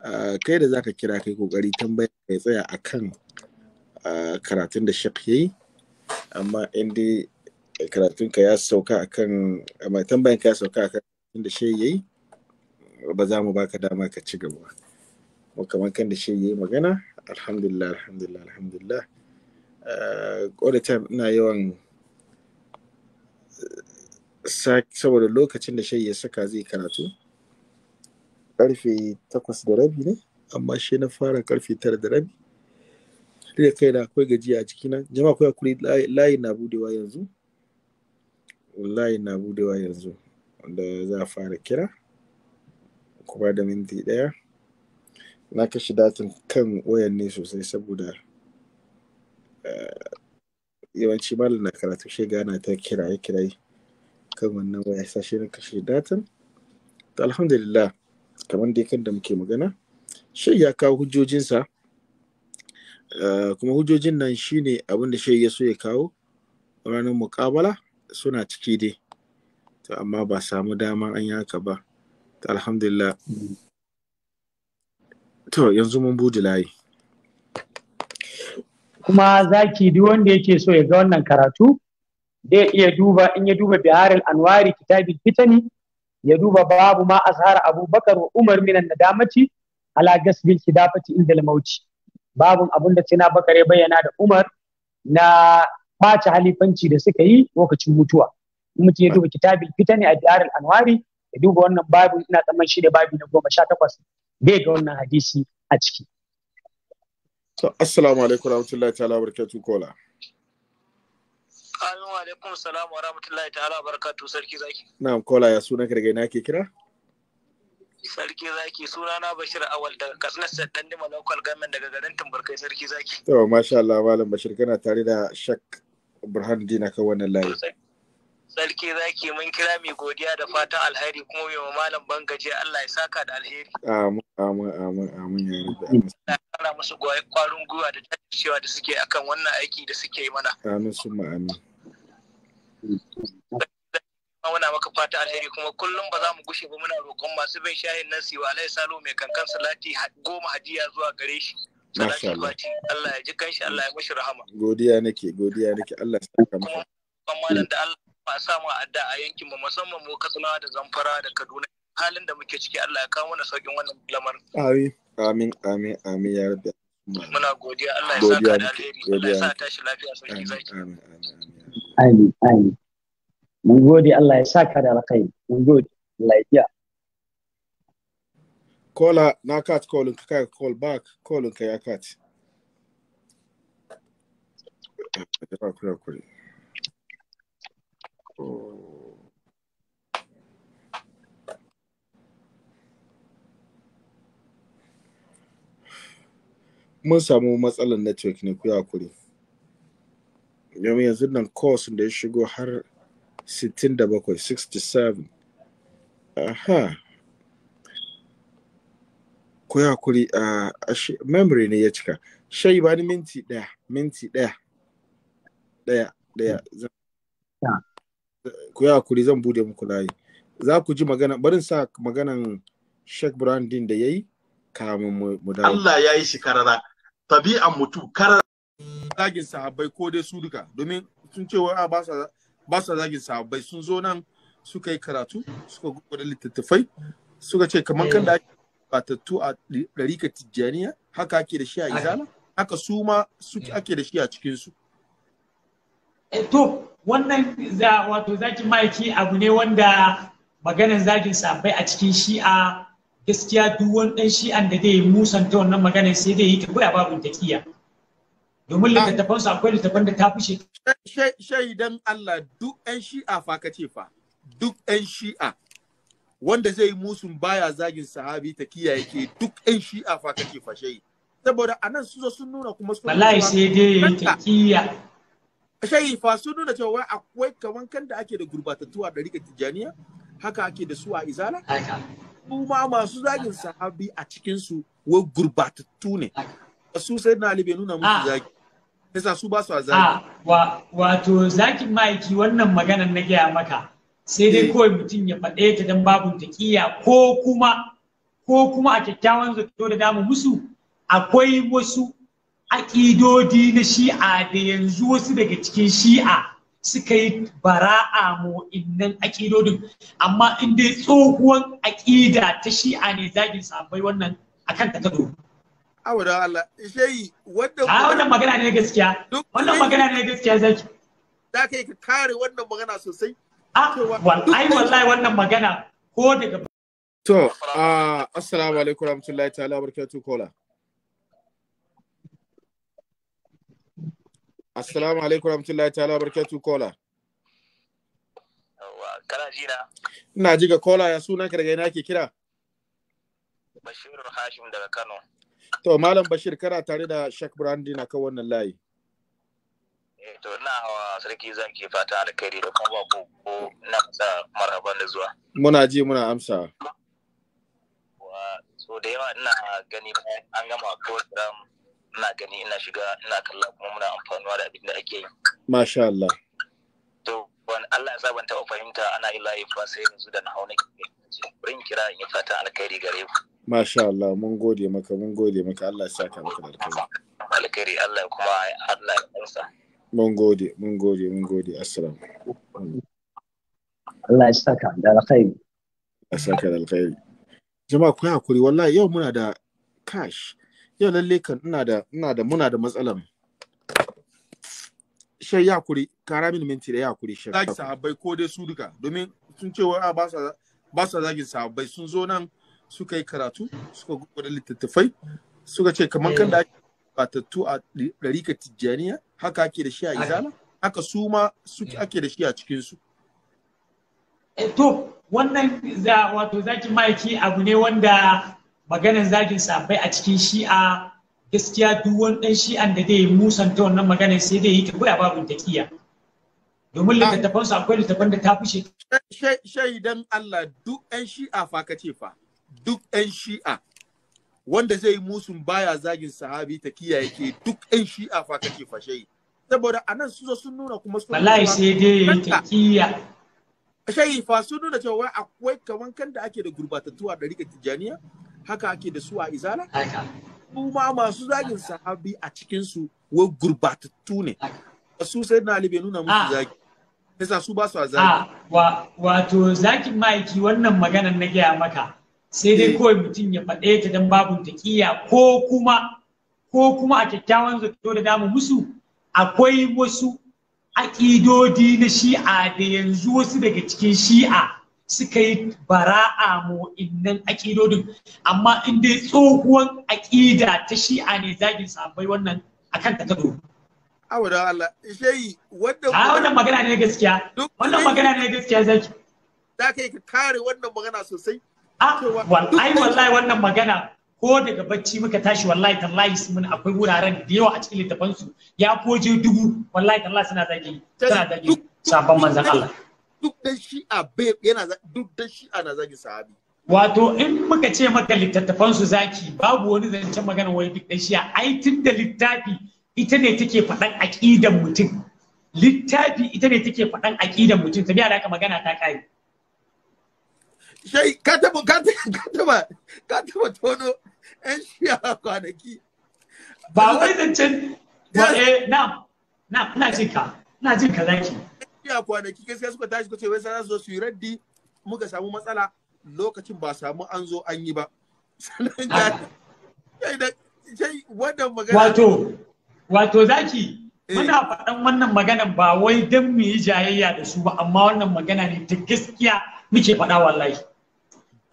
Ah, kai da zaka kira kai kokari tambaya ya tsaya akan ah, karatun da shek yayi amma in dai karatun ka ya sauka akan amma tambayan ka ya sauka akan da shek yayi ba za mu baka dama ka ci gaba ba kamar kan da shek yayi magana alhamdulillah alhamdulillah alhamdulillah ah, all the time ina yawan eh, saboda lokacin da shai ya saka zai karatu karfe takwas da rabi ne amma shi na fara karfe tara da rabi da kai da akwai gajiya a jikina jama akwai kuri layi na budewa yanzu layi na budewa yanzu da za a fara kira kuma da minti daya na kashe datin kan wayan ne sosai saboda eh, yawanci malam na karatu shi gana ta kiraye kiraye kan wannan waya sashe na kashe datin alhamdulillah kamar dai kan da muke magana shai ya kawo hujjojinsa eh, kuma hujjojin nan shine abin da shai ya so ya kawo ranar muƙabala suna ciki dai to amma ba samu dama an yi haka ba to alhamdulillah to yanzu mun buɗe layi kuma zaki duk wanda yake so ya ga wannan karatu zai iya duba in ya duba biharil anwari kitabin fitani ya duba babu ma azhar abubakar wa umar minan nadamati ala gasbil dafaci inda mauti babun abinda sina bakar ya bayyana da umar na bace halifanci da suka yi lokacin mutuwa mutum ya duba kitabin ne a diyar anwari ya duba wannan babu ina tsamman shi da babi na goma sha takwas bai ga wannan hadisi a ciki. Assalamu alaikum warahmatullahi ta'ala barakatuh kola. alaikum salam wa rahmatullahi ta'ala barakatu sarki zaki. Na'am kola ya suna ka daga ina ke kira? Sarki zaki suna na Bashir Awal daga Katsina Sadan Dima Local Government daga garin Tumbarkai sarki zaki. To masha Allah malam Bashir kana tare da Shak dina akan wannan layi. sarki zaki mun kira mai godiya da fatan alheri kuma mai malam bangaje Allah ya saka da alheri. Amin amin amin amin ya rabu Allah kara musu kwarin gwiwa da cewa da suke akan wannan aiki da suke mana. Amin summa amin. muna maka fata alheri kuma kullum ba za mu gushe ba muna roƙon masu bin shahin nan siwa alai salo mai kankan salati goma hadiya zuwa gare shi salati fati Allah ya ji kanshi Allah ya mashi rahama godiya nake godiya nake Allah ya saka maka kuma malam da Allah ba sa mu adda a yankin mu musamman mu Katsina da Zamfara da Kaduna halin da muke ciki Allah ya kawo mana saukin wannan lamarin amin amin amin amin ya rabbi muna godiya Allah ya saka da alheri Allah ya sa tashi lafiya sauki zaki amin amin Amin, amin. Mun gode Allah ya saka da alkhairi. Mun gode. Allah ya biya. Kola na kat, kolin ka kai call back kolin ka ya kat. Mun samu matsalar network ne ku ya kuri. domin yanzu nan course da ya shigo har 67 67 aha ku a memory ne ya cika shai ba ni minti daya minti daya daya daya ku ya kuri zan bude muku layi za ku ji magana barin sa maganan shek Brandin da ya yi kamun mu dawo Allah ya yi shi karara tabi'an mutu karara zagin sahabbai ko dai su duka domin sun ce wa ah, ba sa zagin sahabbai sun zo nan suka yi karatu suka gudu littattafai suka ce kamar kan da eh. batattu a ɗarika tijjaniya haka ake da shi a izala haka su ma suke eh. ake da shi a cikinsu. Eh, to wannan za wato zaki maiki abu ne wanda maganar zagin sahabbai a cikin shi'a gaskiya duk wani dan shi'an da zai musanta wannan maganar sai dai yi ta babu takiya domin littattafansu, su akwai littattafan da ta fi shaidan Allah duk 'yan shi'a fa ka ce fa duk 'yan shi'a wanda zai yi musun baya zagin sahabi ta kiyaye ke duk 'yan shi'a fa ka ce fa shai saboda a su zo sun nuna kuma sun wallahi sai dai yayi taqiya shai fa sun nuna cewa akwai kaman kan da ake da gurbatattuwa da rike tijjaniya haka ake da su a izala kuma masu zagin sahabi a cikinsu wai gurbatattu ne su sai na ali nuna musu ah. zagi yasa su ba su zaki wato zakin ma'aiki wannan maganar na gaya maka sai dai eh. kawai mutum ya faɗe ta don babun kiya ko kuma ko kuma a kyakkyawan zato da damu musu akwai wasu aƙidodi na shi'a da yanzu wasu daga cikin shi'a suka yi bara'a mu innan aƙidodin amma in dai tsohuwan aƙida ta shi'a ne zagin sabai wannan akan ta ta Abudan Allah, shehi wannan ah, A wannan magana ne gaskiya. Wannan magana ne gaskiya zaki. Da ka yi ka kare wannan magana sosai. Ah, wallahi wallahi wannan magana ko daga To, uh, assalamu alaikum warahmatullahi ta'ala barakatuh kola. Assalamu alaikum warahmatullahi ta'ala barakatuh kola. Kana ji na? Ina ji ga kola ya suna ka daga ina ke kira? Bashirur Hashim daga Kano. To Malam Bashir kana tare da shek Brandi na kan wannan layi. Eh, to ina hawa sarki zaki fata alkhairi da kuma ku ko na kasa marhaban da zuwa. Muna ji muna amsa. so da yawa ina gani an gama program ina gani ina shiga ina kalla kuma muna amfanuwa da abin da ake yi. Masha Allah. To wani Allah ya sa ban taɓa fahimta ana yi layi fa sai yanzu da na hau nake. Bari kira in yi fatan alkhairi gare ku. Masha Allah, mun gode maka, mun gode maka, Allah ya saka maka da alkhairi. Alkhairi Allah kuma Allah ya amsa. Mun gode, mun gode, mun gode, assalamu. Allah ya saka da alkhairi. Ya saka da alkhairi. Jama'a ku hakuri, wallahi yau muna da cash. Yau lalle kan ina da ina da muna da matsalan. Shai ya kuri, kara min minti da ya kuri shai. Zaki sahabbai ko dai su duka, domin sun ce wa ba sa zagin sahabbai sun zo nan suka yi karatu suka gwada littattafai suka ce kamar kan da ake batattu a ɗarika tijjaniya haka ake da shi a izala haka su ma suke ake da shi a cikinsu. E to wannan za wato zaki maiki abu ne wanda maganar zagin sabai a cikin shi'a gaskiya duk wani ɗan shi'an da zai musanta wannan maganar sai zai yi ta buya babu takiya Domin littattafansu akwai littattafan da ta fi shaidan Allah duk ɗan shi'a fa ka ce fa. duk 'yan shi'a wanda zai musun baya zagin sahabi ta kiyaye ke duk 'yan shi'a fa kake fashe saboda nan su zo sun nuna kuma sun wallahi sai dai yayi taqiya yi fa sun nuna cewa akwai kaman kan da ake da gurbatattu a rika tijaniya haka ake da su a izala kuma masu zagin sahabi a cikin su wai gurbatattu ne su sai na ali bai nuna musu ah. zagi yasa su ba su a ah, zagi wato zakin ma'aiki wannan maganar na gaya maka sai dai kawai mutum ya faɗe ta dan babu kiya ko kuma ko kuma a kyakkyawan zato da damu musu akwai wasu aƙidodi na shi'a da yanzu wasu daga cikin shi'a suka yi bara'a mu innan aƙidodin amma in dai tsohuwan aƙida ta shi'a ne zagin sabai wannan akan takado Awa da Allah shehi wanda a ah, wannan magana ne gaskiya wannan magana ne gaskiya zaki Da ka yi ka kare wannan magana sosai wallahi wallahi wannan magana ko daga bacci muka tashi wallahi tallahi mun akwai wuraren da yawa a cikin littafan su ya koje dubu wallahi tallahi suna zagi suna zagi sabon manzon Allah duk dan shi'a babe yana duk dan shi'a na zagi sahabi wato in muka ce maka littattafan su zaki babu wani zancen magana wai duk dan shi'a ai tun da littafi ita ne take faɗan aƙidan mutum littafi ita ne take faɗan aƙidan mutum tabiya da aka magana ta kai shai ka taba ka taba ka taba tono yan shiya kwanaki ba wai zancen ba eh na na ina jin ka ina ki. ka zaki shiya kwanaki gaskiya suka tashi suka ce wai sai su su yi raddi muka samu matsala lokacin ba samu an zo an yi ba sai da sai wannan magana wato wato zaki eh. muna faɗan wannan maganan ba wai don mu yi jayayya da su ba amma wannan magana ne ta gaskiya muke faɗa wallahi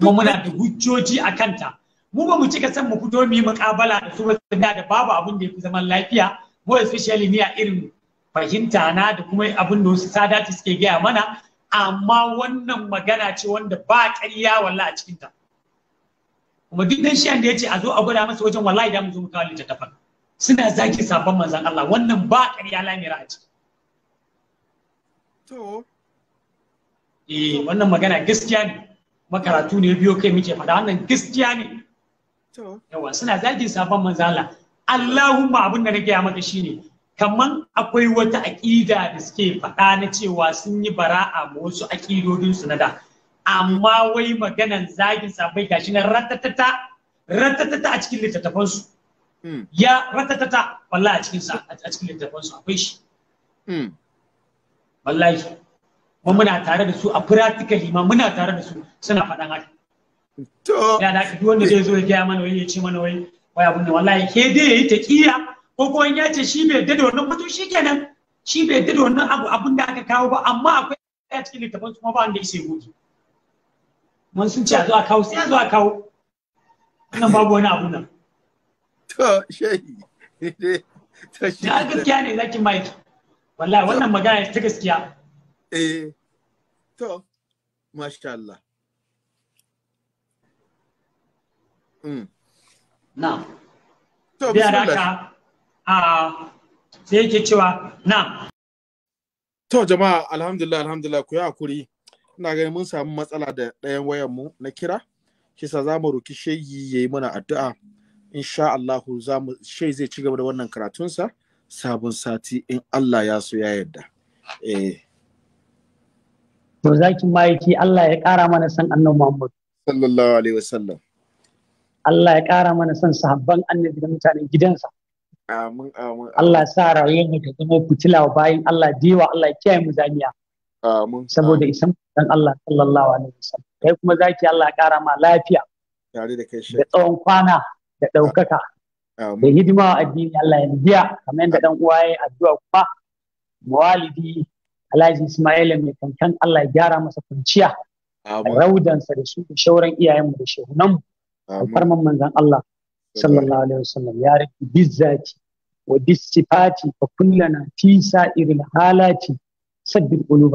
kuma muna da hujjoji a kanta mu ba mu cika san mu fito mu yi muƙabala da su ba da babu abin da ya fi zaman lafiya ko especially ni a irin fahimta na da kuma abin da wasu sadati suke gaya mana amma wannan magana ce wanda ba ƙarya walla a cikinta kuma duk dan shiyan da ya ce a zo a gwada masa wajen wallahi da mu zo mu kawo littattafan suna zaki sabon manzan Allah wannan ba ƙarya lamira a ciki to eh wannan magana gaskiya ne makaratu ne biyo kai muke faɗa wannan gaskiya ne yawa suna zagin sabon manzala Allahumma abin da na ya maka shine kaman akwai wata aƙida da suke faɗa na cewa sun yi bara'a ma wasu aƙidodinsu na da amma wai maganan zagin sabai gashi na ratatata ratatata a cikin su hmm. ya ratatata wallahi a cikin a cikin su akwai shi hmm. wallahi kuma muna tare da su a practically ma muna tare da su suna faɗan haka to ya da duk wanda zai zo ya gaya mana wai ya ce mana wai wai abun da wallahi ke dai yayi kiya ko ko ya ce shi bai dade wannan mutum shikenan shi bai dade wannan abu abun da aka kawo ba amma akwai a cikin littafin kuma ba wanda ya sai goge mun sun ce a zo a kawo sai a zo a kawo wannan babu wani abu nan to shehi Ta shi gaskiya ne zaki mike wallahi wannan magana ta gaskiya eh to masha Allah mm. na to bismillah a sai cewa na to jama'a alhamdulillah alhamdulillah ku yi hakuri ina ganin mun samu matsala da ɗayan wayan mu na kira kisa za mu roki ya yayi mana addu'a insha Allah za zai ci gaba da wannan karatunsa sabon sati in Allah ya so ya yarda eh to zakin ma'aiki Allah ya ƙara mana san annabi Muhammad sallallahu alaihi wasallam Allah ya ƙara mana san sahabban annabi da mutanen gidansa amin amin Allah sa rayuwar mu ta zama fitila wa bayin Allah diwa Allah ya kiyaye mu zaniya amin saboda isan dan Allah sallallahu alaihi wasallam kai kuma zaki Allah ya ƙara ma lafiya tare da kai da tsawon kwana da ɗaukaka da hidima wa addini Allah ya biya kamar yadda dan uwa addu'a kuma muwalidi. Alhaji Ismail mai kankan Allah ya gyara masa kwanciya raudansa da su da shauran iyayenmu da shehunanmu alfarman manzan Allah sallallahu alaihi wasallam ya rufe bizzati wa bisifati fa kullana fi sa'iril halati sabbin